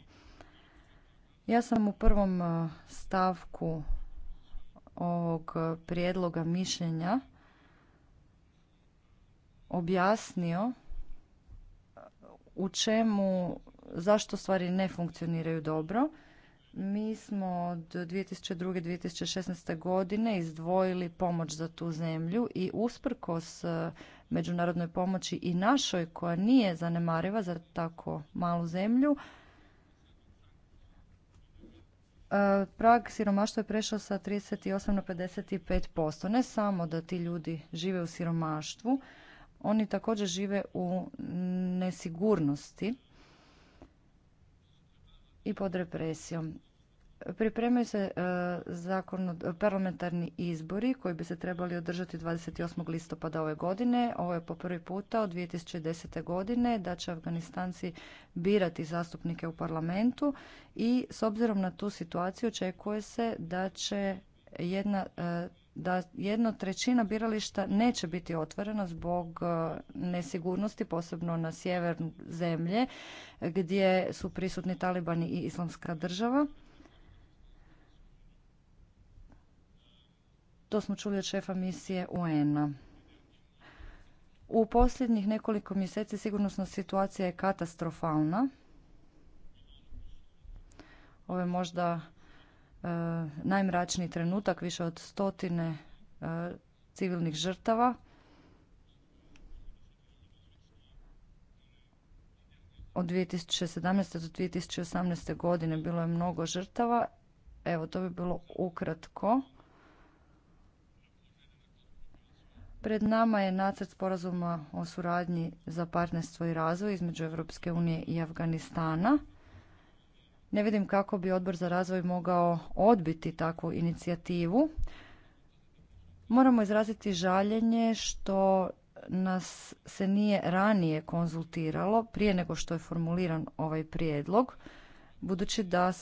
Ja sam u prvom e, stavku ovog e, prijedloga mišljenja objasnio e, u čemu, zašto stvari ne funkcioniraju dobro. Mi smo od 2002. 2016. godine izdvojili pomoć za tu zemlju i usprkos e, međunarodnoj pomoći i našoj koja nije zanemariva za tako malu zemlju, prag siromaštva je prešao sa 38 na 55%. Ne samo da ti ljudi žive u siromaštvu, oni također žive u nesigurnosti i pod represijom. Pripremaju se e, parlamentarni izbori koji bi se trebali održati 28. listopada ove godine. Ovo je po prvi puta od 2010. godine da će Afganistanci birati zastupnike u parlamentu i s obzirom na tu situaciju očekuje se da će jedna e, da jedno trećina birališta neće biti otvorena zbog e, nesigurnosti, posebno na sjever zemlje gdje su prisutni talibani i islamska država. To smo čuli od šefa misije UN-a. U posljednjih nekoliko mjeseci sigurnosna situacija je katastrofalna. Ovo je možda e, najmračniji trenutak, više od stotine e, civilnih žrtava. Od 2017. do 2018. godine bilo je mnogo žrtava. Evo, to bi bilo ukratko. Pred nama je nacrt sporazuma o suradnji za partnerstvo i razvoj između Europske unije i Afganistana. Ne vidim kako bi odbor za razvoj mogao odbiti takvu inicijativu. Moramo izraziti žaljenje što nas se nije ranije konzultiralo prije nego što je formuliran ovaj prijedlog, budući da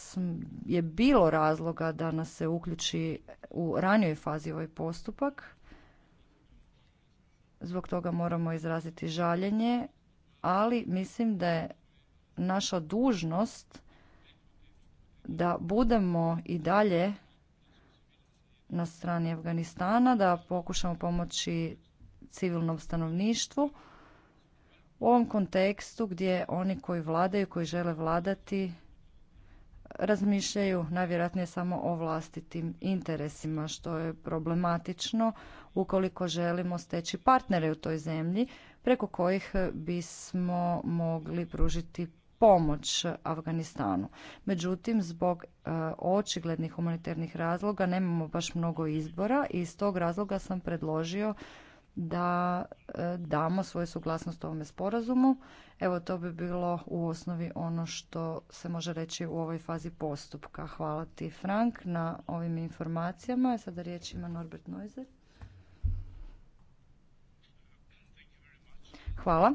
je bilo razloga da nas se uključi u ranijoj fazi ovaj postupak Zbog toga moramo izraziti žaljenje, ali mislim da je naša dužnost da budemo i dalje na strani Afganistana, da pokušamo pomoći civilnom stanovništvu u ovom kontekstu gdje oni koji vladaju, koji žele vladati, razmišljaju najvjerojatnije samo o vlastitim interesima, što je problematično ukoliko želimo steći partnere u toj zemlji preko kojih bismo mogli pružiti pomoć Afganistanu. Međutim, zbog e, očiglednih humanitarnih razloga nemamo baš mnogo izbora i iz tog razloga sam predložio da e, damo svoju suglasnost ovome sporazumu. Evo, to bi bilo u osnovi ono što se može reći u ovoj fazi postupka. Hvala ti, Frank, na ovim informacijama. Sada riječ ima Norbert Neuser. Hvala.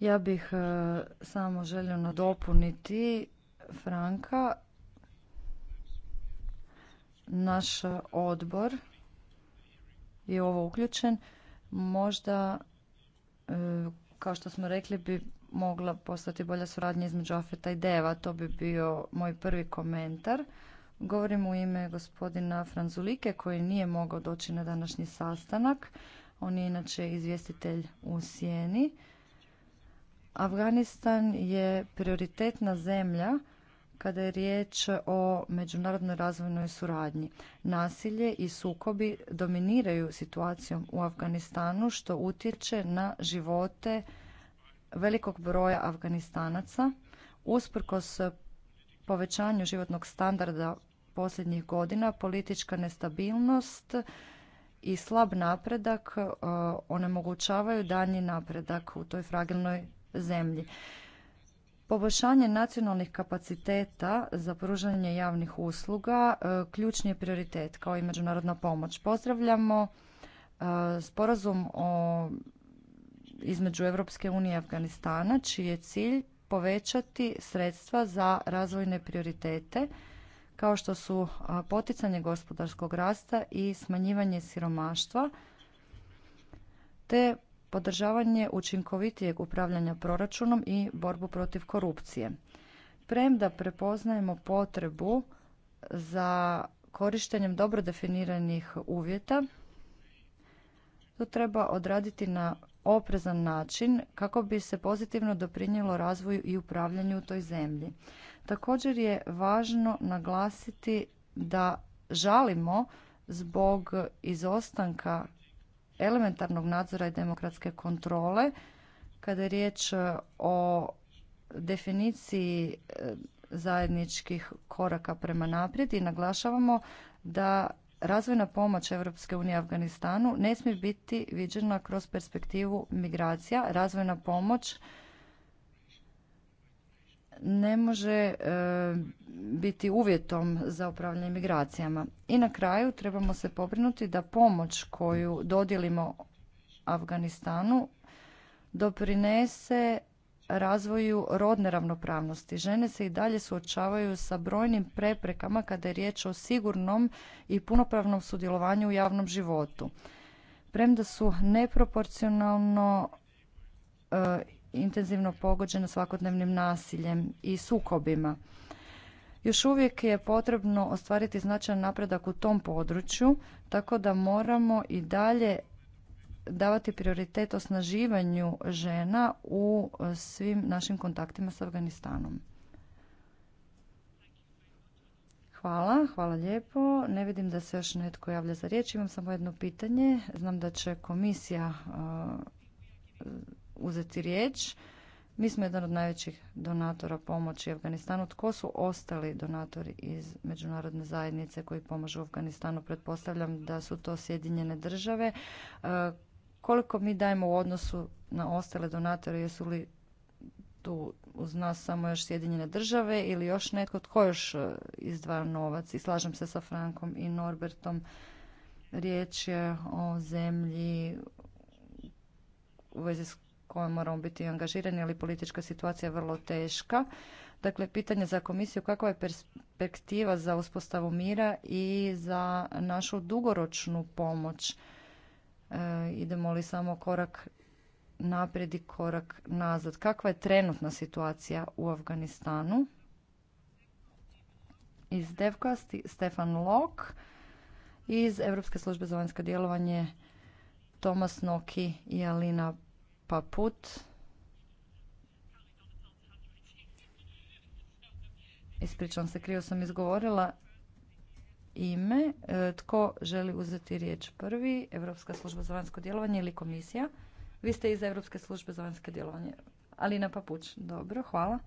Ja bih e, samo želio nadopuniti Franka. Naš odbor je ovo uključen. Možda, e, kao što smo rekli, bi mogla postati bolja suradnja između Afeta i Deva. To bi bio moj prvi komentar. Govorim u ime gospodina Franzulike koji nije mogao doći na današnji sastanak. On je inače izvjestitelj u Sjeni. Afganistan je prioritetna zemlja kada je riječ o međunarodnoj razvojnoj suradnji. Nasilje i sukobi dominiraju situacijom u Afganistanu što utječe na živote velikog broja Afganistanaca. Usprkos povećanju životnog standarda posljednjih godina politička nestabilnost i slab napredak e, onemogućavaju daljnji napredak u toj fragilnoj zemlji. Poboljšanje nacionalnih kapaciteta za pružanje javnih usluga e, ključni je prioritet kao i međunarodna pomoć. Pozdravljamo e, sporazum o između Europske unije i Afganistana čiji je cilj povećati sredstva za razvojne prioritete kao što su poticanje gospodarskog rasta i smanjivanje siromaštva te podržavanje učinkovitijeg upravljanja proračunom i borbu protiv korupcije. Premda prepoznajemo potrebu za korištenjem dobro definiranih uvjeta, to treba odraditi na oprezan način kako bi se pozitivno doprinijelo razvoju i upravljanju u toj zemlji. Također je važno naglasiti da žalimo zbog izostanka elementarnog nadzora i demokratske kontrole kada je riječ e, o definiciji e, zajedničkih koraka prema naprijed i naglašavamo da razvojna pomoć Europske unije Afganistanu ne smije biti viđena kroz perspektivu migracija. Razvojna pomoć ne može e, biti uvjetom za upravljanje migracijama. I na kraju trebamo se pobrinuti da pomoć koju dodijelimo Afganistanu doprinese razvoju rodne ravnopravnosti. Žene se i dalje suočavaju sa brojnim preprekama kada je riječ o sigurnom i punopravnom sudjelovanju u javnom životu. Premda su neproporcionalno e, intenzivno pogođena svakodnevnim nasiljem i sukobima. Još uvijek je potrebno ostvariti značajan napredak u tom području, tako da moramo i dalje davati prioritet osnaživanju žena u e, svim našim kontaktima s Afganistanom. Hvala, hvala lijepo. Ne vidim da se još netko javlja za riječ. Imam samo jedno pitanje. Znam da će komisija e, uzeti riječ. Mi smo jedan od najvećih donatora pomoći Afganistanu. Tko su ostali donatori iz međunarodne zajednice koji pomažu Afganistanu? Pretpostavljam da su to Sjedinjene države. E, koliko mi dajemo u odnosu na ostale donatore? Jesu li tu uz nas samo još Sjedinjene države ili još netko tko još e, izdvaja novac? I slažem se sa Frankom i Norbertom. Riječ je o zemlji u vezi s kojoj moramo biti angažirani, ali politička situacija je vrlo teška. Dakle, pitanje za komisiju kakva je perspektiva za uspostavu mira i za našu dugoročnu pomoć. E, idemo li samo korak naprijed i korak nazad. Kakva je trenutna situacija u Afganistanu? Iz Devka, Stefan Lok, iz Europske službe za vanjsko djelovanje Tomas Noki i Alina pa put Ispričavam se, krivo sam izgovorila ime. E, tko želi uzeti riječ prvi? Europska služba za vanjsko djelovanje ili komisija? Vi ste iz Europske službe za vanjsko djelovanje. Alina Papuć, dobro, hvala.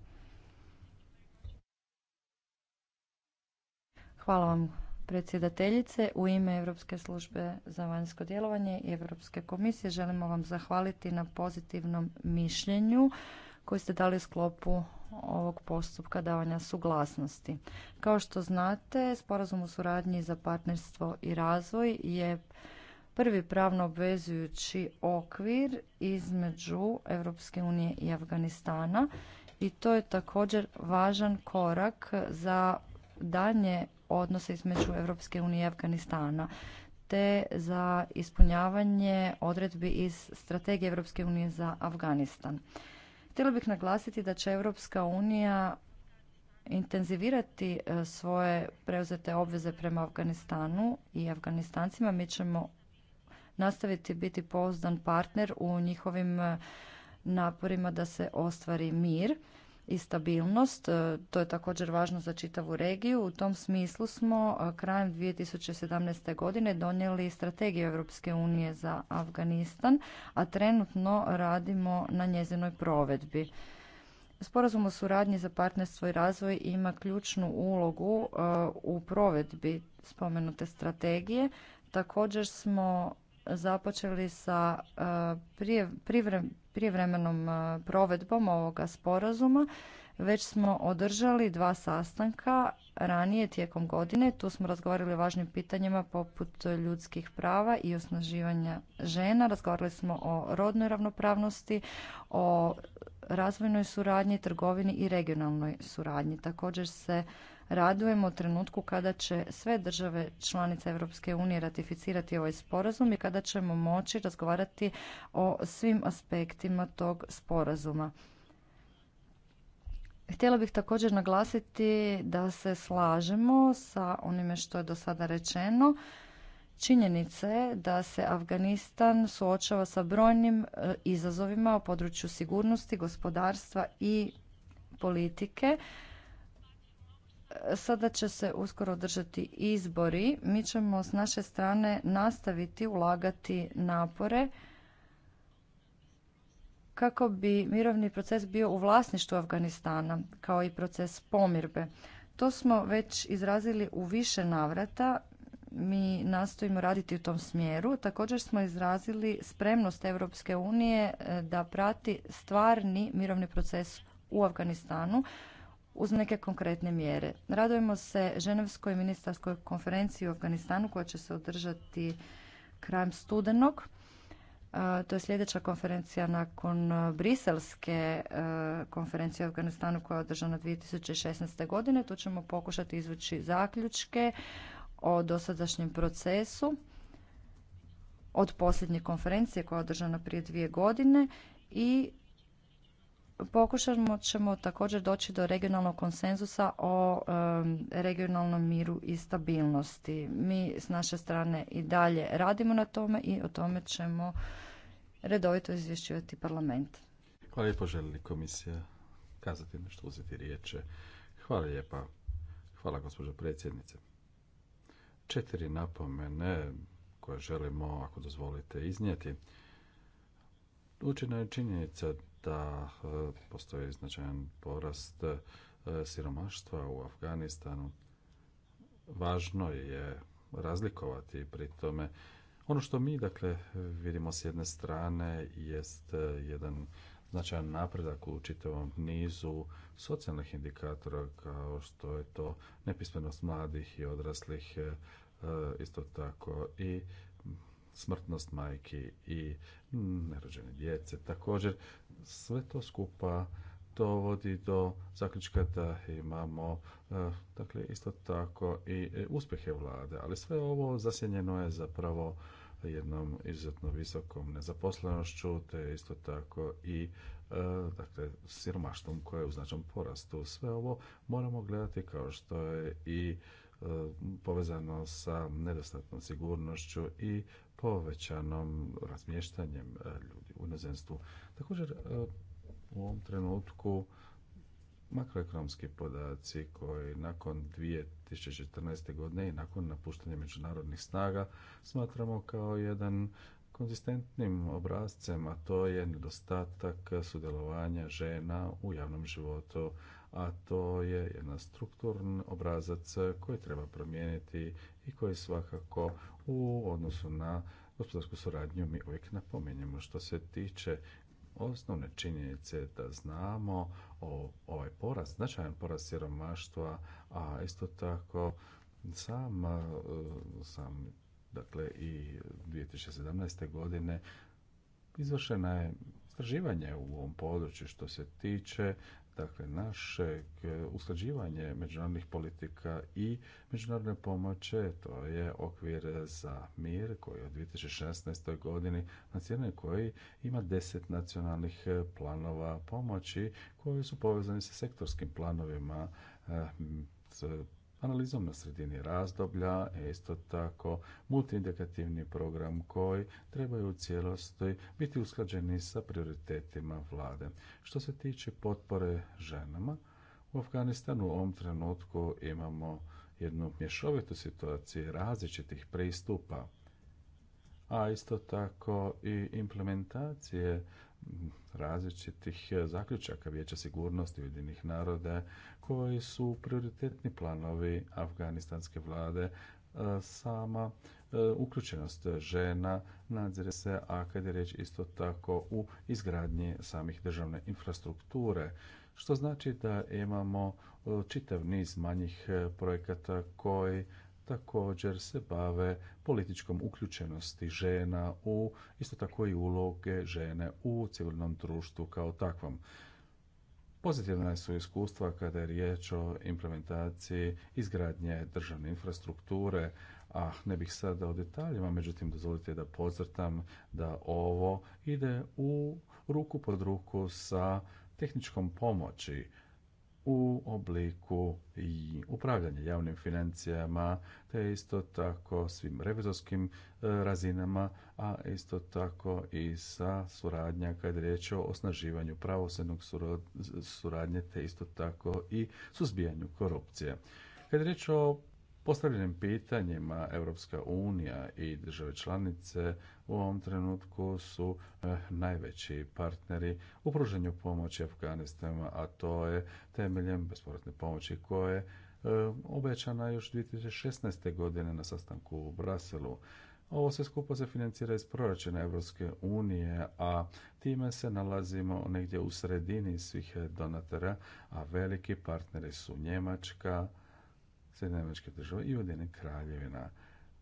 Hvala vam predsjedateljice. U ime Europske službe za vanjsko djelovanje i Europske komisije želimo vam zahvaliti na pozitivnom mišljenju koji ste dali sklopu ovog postupka davanja suglasnosti. Kao što znate, sporazum o suradnji za partnerstvo i razvoj je prvi pravno obvezujući okvir između Europske unije i Afganistana i to je također važan korak za danje odnose između Europske unije i Afganistana te za ispunjavanje odredbi iz strategije Europske unije za Afganistan. Htjela bih naglasiti da će Europska unija intenzivirati e, svoje preuzete obveze prema Afganistanu i Afganistancima. Mi ćemo nastaviti biti pouzdan partner u njihovim e, naporima da se ostvari mir i stabilnost. E, to je također važno za čitavu regiju. U tom smislu smo e, krajem 2017. godine donijeli strategiju Europske unije za Afganistan, a trenutno radimo na njezinoj provedbi. Sporazum o suradnji za partnerstvo i razvoj ima ključnu ulogu e, u provedbi spomenute strategije. Također smo započeli sa e, prijevremenom e, provedbom ovoga sporazuma. Već smo održali dva sastanka ranije tijekom godine. Tu smo razgovarali o važnim pitanjima poput ljudskih prava i osnaživanja žena. Razgovarali smo o rodnoj ravnopravnosti, o razvojnoj suradnji, trgovini i regionalnoj suradnji. Također se radujemo trenutku kada će sve države članice Europske unije ratificirati ovaj sporazum i kada ćemo moći razgovarati o svim aspektima tog sporazuma. Htjela bih također naglasiti da se slažemo sa onime što je do sada rečeno. Činjenica je da se Afganistan suočava sa brojnim e, izazovima u području sigurnosti, gospodarstva i politike Sada će se uskoro održati izbori. Mi ćemo s naše strane nastaviti ulagati napore kako bi mirovni proces bio u vlasništvu Afganistana, kao i proces pomirbe. To smo već izrazili u više navrata. Mi nastojimo raditi u tom smjeru. Također smo izrazili spremnost Europske unije eh, da prati stvarni mirovni proces u Afganistanu uz neke konkretne mjere. Radujemo se Ženevskoj ministarskoj konferenciji u Afganistanu koja će se održati krajem studenog. E, to je sljedeća konferencija nakon e, briselske e, konferencije u Afganistanu koja je održana 2016. godine. Tu ćemo pokušati izvući zaključke o dosadašnjem procesu od posljednje konferencije koja je održana prije dvije godine i pokušamo ćemo također doći do regionalnog konsenzusa o regionalnom miru i stabilnosti. Mi s naše strane i dalje radimo na tome i o tome ćemo redovito izvješćivati parlament. Hvala lijepo, želi komisija kazati nešto, uzeti riječe. Hvala lijepa. Hvala, gospođo predsjednice. Četiri napomene koje želimo, ako dozvolite, iznijeti. Učena je činjenica da e, postoji značajan porast e, siromaštva u Afganistanu. Važno je razlikovati pri tome ono što mi dakle vidimo s jedne strane jest e, jedan značajan napredak u čitavom nizu socijalnih indikatora kao što je to nepismenost mladih i odraslih, isto tako i smrtnost majki i nerođene djece. Također sve to skupa dovodi do zaključka da imamo e, dakle isto tako i e, uspjehe vlade, ali sve ovo zasjenjeno je zapravo jednom izuzetno visokom nezaposlenošću, te isto tako i e, dakle, siromaštvom koje je u značnom porastu. Sve ovo moramo gledati kao što je i povezano sa nedostatnom sigurnošću i povećanom razmještanjem e, ljudi u inozemstvu. Također, e, u ovom trenutku makroekonomski podaci koji nakon 2014. godine i nakon napuštanja međunarodnih snaga smatramo kao jedan konzistentnim obrazcem, a to je nedostatak sudjelovanja žena u javnom životu, a to je jedan strukturn obrazac koji treba promijeniti i koji svakako u odnosu na gospodarsku suradnju mi uvijek napominjemo. Što se tiče osnovne činjenice da znamo o ovaj porast, značajan porast siromaštva, a isto tako sam, e, sam dakle i 2017. godine izvršena je istraživanje u ovom području što se tiče Dakle, našeg e, usklađivanje međunarodnih politika i međunarodne pomoće, to je okvir za mir koji je od 2016. godini na cijene koji ima deset nacionalnih e, planova pomoći koji su povezani sa sektorskim planovima e, analizom na sredini razdoblja, isto tako multiindikativni program koji trebaju u cijelosti biti usklađeni sa prioritetima vlade. Što se tiče potpore ženama, u Afganistanu u ovom trenutku imamo jednu mješovitu situaciju različitih pristupa, a isto tako i implementacije različitih e, zaključaka Vijeća sigurnosti Ujedinjenih naroda koji su prioritetni planovi afganistanske vlade e, sama e, uključenost žena nadzire se, a kad je riječ isto tako u izgradnji samih državne infrastrukture, što znači da imamo čitav niz manjih projekata koji također se bave političkom uključenosti žena u isto tako i uloge žene u civilnom društvu kao takvom. Pozitivna su iskustva kada je riječ o implementaciji izgradnje državne infrastrukture, a ne bih sada o detaljima, međutim dozvolite da pozrtam da ovo ide u ruku pod ruku sa tehničkom pomoći u obliku i upravljanja javnim financijama, te isto tako svim revizorskim e, razinama, a isto tako i sa suradnja kad je riječ o osnaživanju pravosudnog suradnje, te isto tako i suzbijanju korupcije. Kad je riječ o postavljenim pitanjima Europska unija i države članice u ovom trenutku su eh, najveći partneri u pružanju pomoći Afganistanu, a to je temeljem bespovratne pomoći koje eh, je obećana još 2016. godine na sastanku u Braselu. Ovo se skupo se financira iz proračuna Europske unije, a time se nalazimo negdje u sredini svih donatora, a veliki partneri su Njemačka, Sjedinjene američke države i Ujedine kraljevina.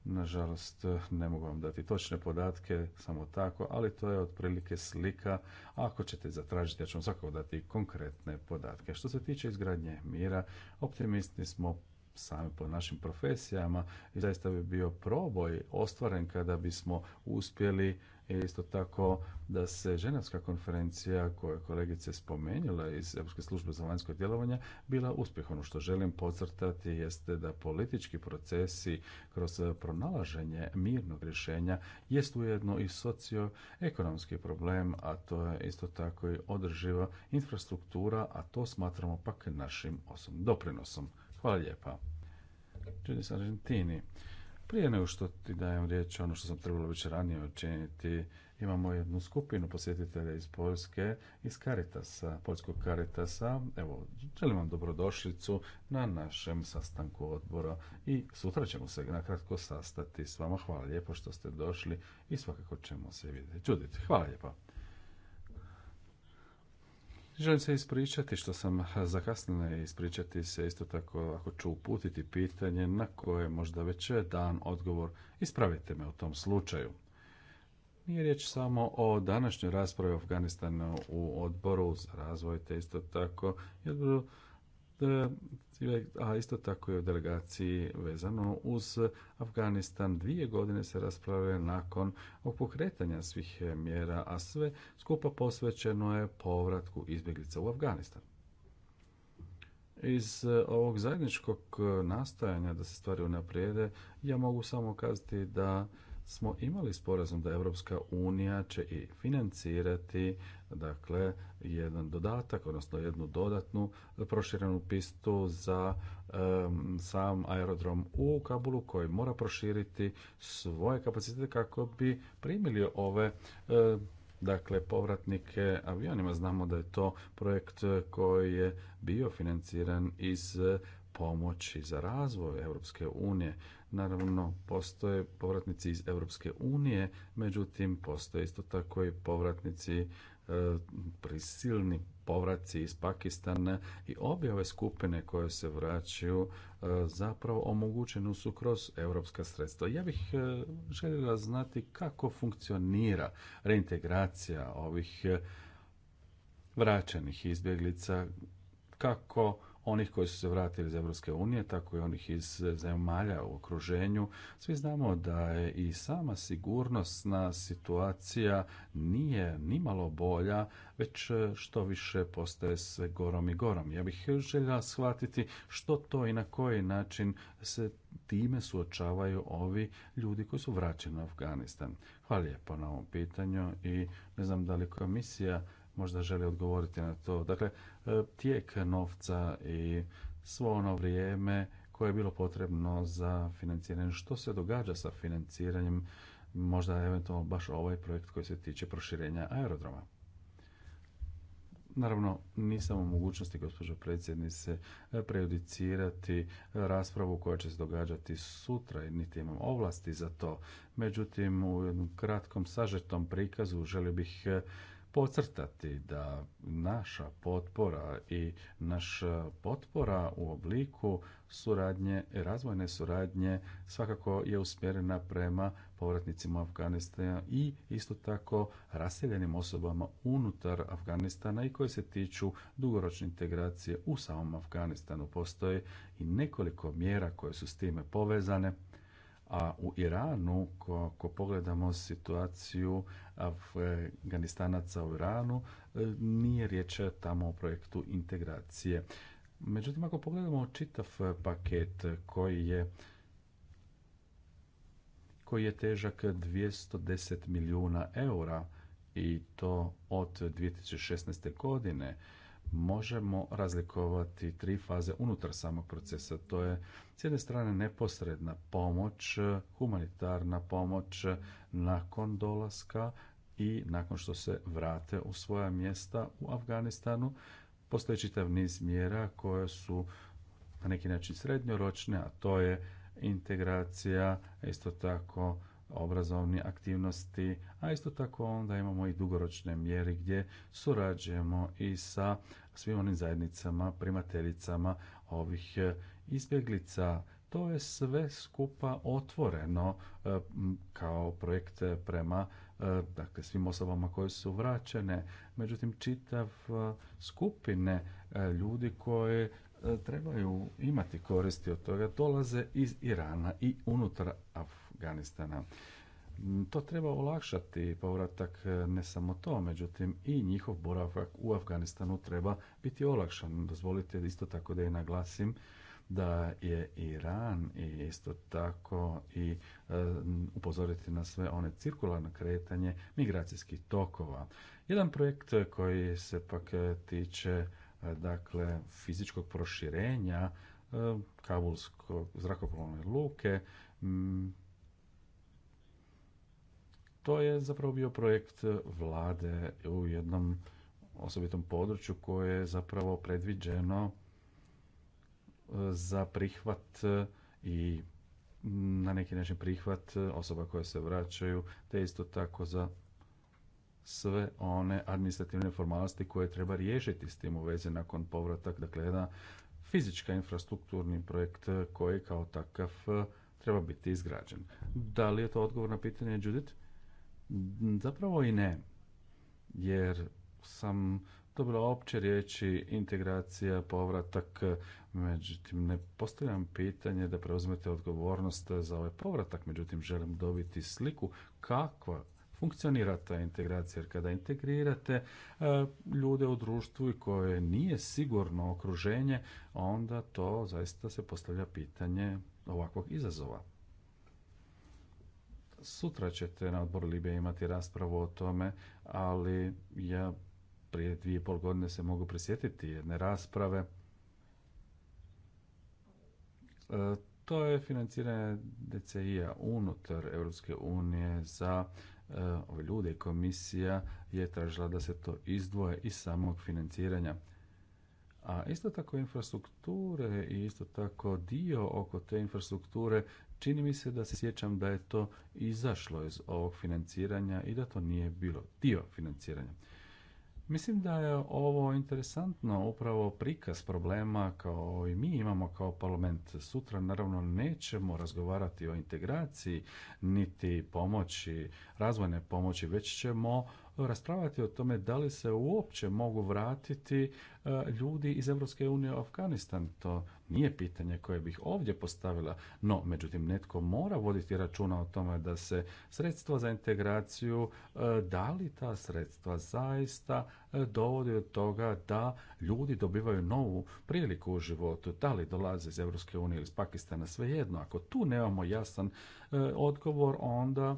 Nažalost, ne mogu vam dati točne podatke, samo tako, ali to je otprilike slika. Ako ćete zatražiti, ja ću vam svakako dati konkretne podatke. Što se tiče izgradnje mira, optimisti smo sami po našim profesijama i zaista bi bio proboj ostvaren kada bismo uspjeli isto tako da se ženevska konferencija koju je kolegice spomenula iz Europske službe za vanjsko djelovanje bila uspjeh. Ono što želim podcrtati jeste da politički procesi kroz pronalaženje mirnog rješenja jest ujedno i socioekonomski problem, a to je isto tako i održiva infrastruktura, a to smatramo pak našim osobnim doprinosom. Hvala lijepa. Argentini. Prije nego što ti dajem riječ, ono što sam trebalo već ranije učiniti, imamo jednu skupinu posjetitelja iz Poljske, iz Karitasa, Poljskog Karitasa. Evo, želim vam dobrodošlicu na našem sastanku odbora i sutra ćemo se nakratko sastati s vama. Hvala lijepo što ste došli i svakako ćemo se vidjeti. Čudite, hvala lijepa. Želim se ispričati što sam zakasnila i ispričati se isto tako ako ću uputiti pitanje na koje možda već je dan odgovor. Ispravite me u tom slučaju. Nije riječ samo o današnjoj raspravi u Afganistanu u odboru za razvoj, te isto tako i E, a isto tako je u delegaciji vezano uz Afganistan. Dvije godine se raspravlja nakon pokretanja svih mjera, a sve skupa posvećeno je povratku izbjeglica u Afganistan. Iz e, ovog zajedničkog nastojanja da se stvari unaprijede, ja mogu samo kazati da smo imali sporazum da Europska unija će i financirati dakle jedan dodatak, odnosno jednu dodatnu proširenu pistu za sam aerodrom u Kabulu koji mora proširiti svoje kapacitete kako bi primili ove dakle povratnike avionima. Znamo da je to projekt koji je bio financiran iz pomoći za razvoj Europske unije. Naravno, postoje povratnici iz Europske unije, međutim, postoje isto tako i povratnici E, prisilni povraci iz Pakistana i obje ove skupine koje se vraćaju e, zapravo omogućene su kroz europska sredstva. Ja bih e, željela znati kako funkcionira reintegracija ovih vraćenih izbjeglica, kako onih koji su se vratili iz Europske unije, tako i onih iz zemalja u okruženju. Svi znamo da je i sama sigurnosna situacija nije malo bolja, već e, što više postaje sve gorom i gorom. Ja bih željela shvatiti što to i na koji način se time suočavaju ovi ljudi koji su vraćeni u Afganistan. Hvala lijepo na ovom pitanju i ne znam da li komisija možda želi odgovoriti na to. Dakle, E, tijek novca i svo ono vrijeme koje je bilo potrebno za financiranje. Što se događa sa financiranjem, možda eventualno baš ovaj projekt koji se tiče proširenja aerodroma? Naravno, nisam u mogućnosti, gospođo predsjednice, e, prejudicirati raspravu koja će se događati sutra, niti imam ovlasti za to. Međutim, u jednom kratkom sažetom prikazu želio bih e, podcrtati da naša potpora i naša e, potpora u obliku suradnje, razvojne suradnje svakako je usmjerena prema povratnicima Afganistana i isto tako raseljenim osobama unutar Afganistana i koje se tiču dugoročne integracije u samom Afganistanu. Postoje i nekoliko mjera koje su s time povezane a u Iranu, ako pogledamo situaciju Afganistanaca u Iranu, e, nije riječ tamo o projektu integracije. Međutim, ako pogledamo čitav paket koji je koji je težak 210 milijuna eura i to od 2016. godine, možemo razlikovati tri faze unutar samog procesa. To je s jedne strane neposredna pomoć, humanitarna pomoć nakon dolaska i nakon što se vrate u svoja mjesta u Afganistanu. Postoji čitav niz mjera koje su na neki način srednjoročne, a to je integracija, isto tako obrazovne aktivnosti, a isto tako onda imamo i dugoročne mjere gdje surađujemo i sa svim onim zajednicama, primateljicama ovih e, izbjeglica. To je sve skupa otvoreno e, kao projekt prema e, dakle, svim osobama koje su vraćene. Međutim, čitav skupine ljudi koje trebaju imati koristi od toga dolaze iz Irana i unutar Afganistana. Mm, to treba olakšati povratak e, ne samo to, međutim i njihov boravak u Afganistanu treba biti olakšan. Dozvolite isto tako da i naglasim da je Iran i isto tako i e, upozoriti na sve one cirkularno kretanje migracijskih tokova. Jedan projekt koji se pak e, tiče dakle fizičkog proširenja e, kabulskog zrakoplovne luke to je zapravo bio projekt eh, vlade u jednom osobitom području koje je zapravo predviđeno eh, za prihvat eh, i na neki način prihvat osoba koje se vraćaju, te isto tako za sve one administrativne formalnosti koje treba riješiti s tim u vezi nakon povratak, dakle jedan fizička infrastrukturni projekt koji kao takav treba biti izgrađen. Da li je to odgovor na pitanje, Judith? Zapravo i ne, jer sam dobro opće riječi integracija, povratak, međutim ne postavljam pitanje da preuzmete odgovornost za ovaj povratak, međutim želim dobiti sliku kakva funkcionira ta integracija, jer kada integrirate e, ljude u društvu i koje nije sigurno okruženje, onda to zaista se postavlja pitanje ovakvog izazova. Sutra ćete na odboru Libije imati raspravu o tome, ali ja prije dvije i pol godine se mogu prisjetiti jedne rasprave. E, to je financiranje DCI-a unutar Europske unije za e, ove ljude. Komisija je tražila da se to izdvoje iz samog financiranja. A isto tako infrastrukture i isto tako dio oko te infrastrukture Čini mi se da se sjećam da je to izašlo iz ovog financiranja i da to nije bilo dio financiranja. Mislim da je ovo interesantno, upravo prikaz problema kao i mi imamo kao parlament. Sutra naravno nećemo razgovarati o integraciji niti pomoći, razvojne pomoći, već ćemo raspravljati o tome da li se uopće mogu vratiti e, ljudi iz Europske unije u Afganistan. To nije pitanje koje bih ovdje postavila, no međutim netko mora voditi računa o tome da se sredstva za integraciju, e, da li ta sredstva zaista e, dovodi do toga da ljudi dobivaju novu priliku u životu, da li dolaze iz Europske unije ili iz Pakistana, svejedno. Ako tu nemamo jasan odgovor, onda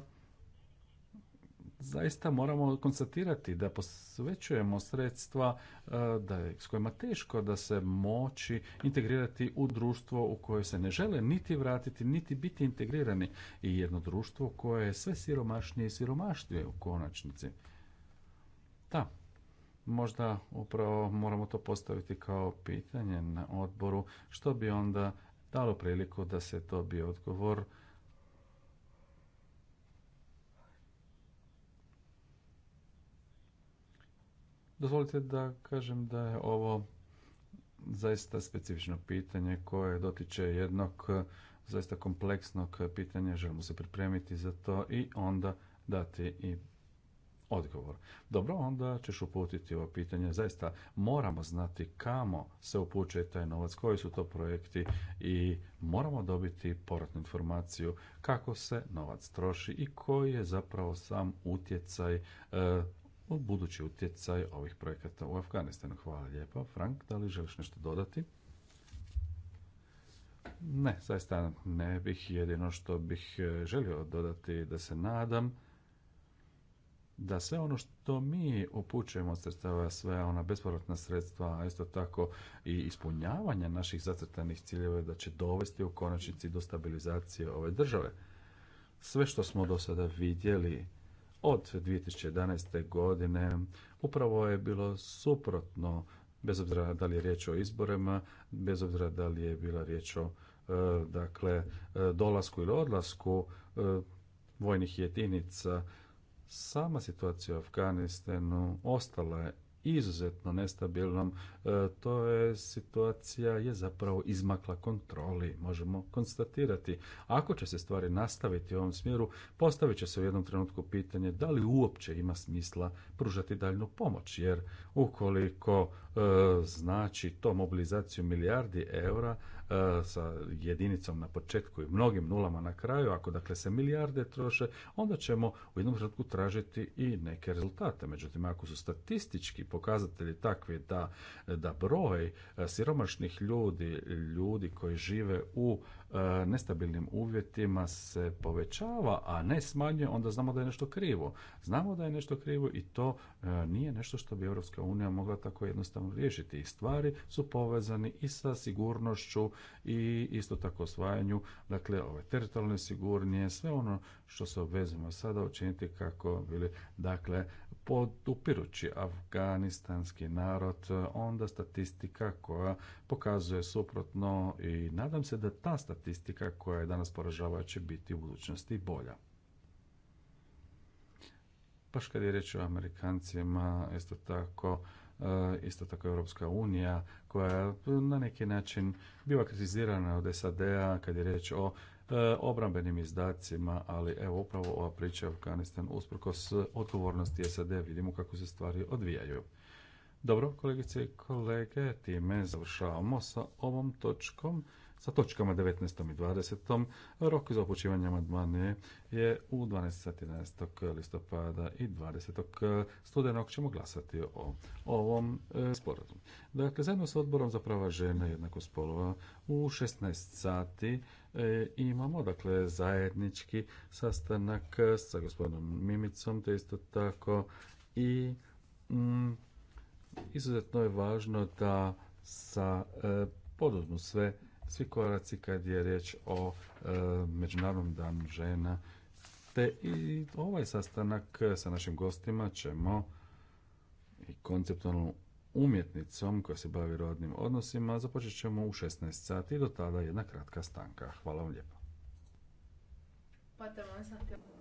zaista moramo konstatirati da posvećujemo sredstva e, da s kojima teško da se moći integrirati u društvo u koje se ne žele niti vratiti, niti biti integrirani i jedno društvo koje je sve siromašnije i siromašnije u konačnici. Da, možda upravo moramo to postaviti kao pitanje na odboru, što bi onda dalo priliku da se to dobije odgovor Dozvolite da kažem da je ovo zaista specifično pitanje koje dotiče jednog eh, zaista kompleksnog pitanja. Želimo se pripremiti za to i onda dati i odgovor. Dobro, onda ćeš uputiti ovo pitanje. Zaista moramo znati kamo se upućuje taj novac, koji su to projekti i moramo dobiti povratnu informaciju kako se novac troši i koji je zapravo sam utjecaj eh, o budući utjecaj ovih projekata u Afganistanu. Hvala lijepo. Frank, da li želiš nešto dodati? Ne, zaista ne bih. Jedino što bih e, želio dodati da se nadam da sve ono što mi upućujemo od sredstava, sve ona bespovratna sredstva, a isto tako i ispunjavanje naših zacrtanih ciljeva da će dovesti u konačnici do stabilizacije ove države. Sve što smo do sada vidjeli od 2011. godine upravo je bilo suprotno, bez obzira da li je riječ o izborima, bez obzira da li je bila riječ o e, dakle, e, dolasku ili odlasku e, vojnih jedinica, sama situacija u Afganistanu ostala je izuzetno nestabilnom, e, to je situacija je zapravo izmakla kontroli, možemo konstatirati. Ako će se stvari nastaviti u ovom smjeru, postavit će se u jednom trenutku pitanje da li uopće ima smisla pružati daljnu pomoć, jer ukoliko e, znači to mobilizaciju milijardi eura, e, sa jedinicom na početku i mnogim nulama na kraju, ako dakle se milijarde troše, onda ćemo u jednom trenutku tražiti i neke rezultate. Međutim, ako su statistički pokazatelji takvi da, da broj e, siromašnih ljudi, ljudi koji žive u E, nestabilnim uvjetima se povećava, a ne smanjuje, onda znamo da je nešto krivo. Znamo da je nešto krivo i to e, nije nešto što bi Europska unija mogla tako jednostavno riješiti. I stvari su povezani i sa sigurnošću i isto tako osvajanju, dakle, ove teritorijalne sigurnije, sve ono što se obvezimo sada učiniti kako bili, dakle, podupirući afganistanski narod, e, onda statistika koja pokazuje suprotno i nadam se da ta statistika statistika koja je danas poražavajuća biti u budućnosti bolja. Baš kad je reč o Amerikancima, isto tako, e, isto tako Europska unija, koja je na neki način bila kritizirana od SAD-a kad je reč o e, obrambenim izdacima, ali evo upravo ova priča Afganistan usprkos odgovornosti SAD vidimo kako se stvari odvijaju. Dobro, kolegice i kolege, time završavamo sa ovom točkom sa točkama 19. i 20. Rok za upućivanje amandmane je u 12. 11. listopada i 20. studenog ćemo glasati o ovom e, sporazumu. Dakle, zajedno sa odborom za prava žena jednako spolova u 16 sati e, imamo dakle zajednički sastanak sa gospodinom Mimicom te isto tako i mm, izuzetno je važno da sa e, poduzmu sve svi koraci kad je riječ o e, Međunarodnom danu žena. Te i ovaj sastanak sa našim gostima ćemo i konceptualnom umjetnicom koja se bavi rodnim odnosima započet ćemo u 16 sati i do tada jedna kratka stanka. Hvala vam lijepo. Pa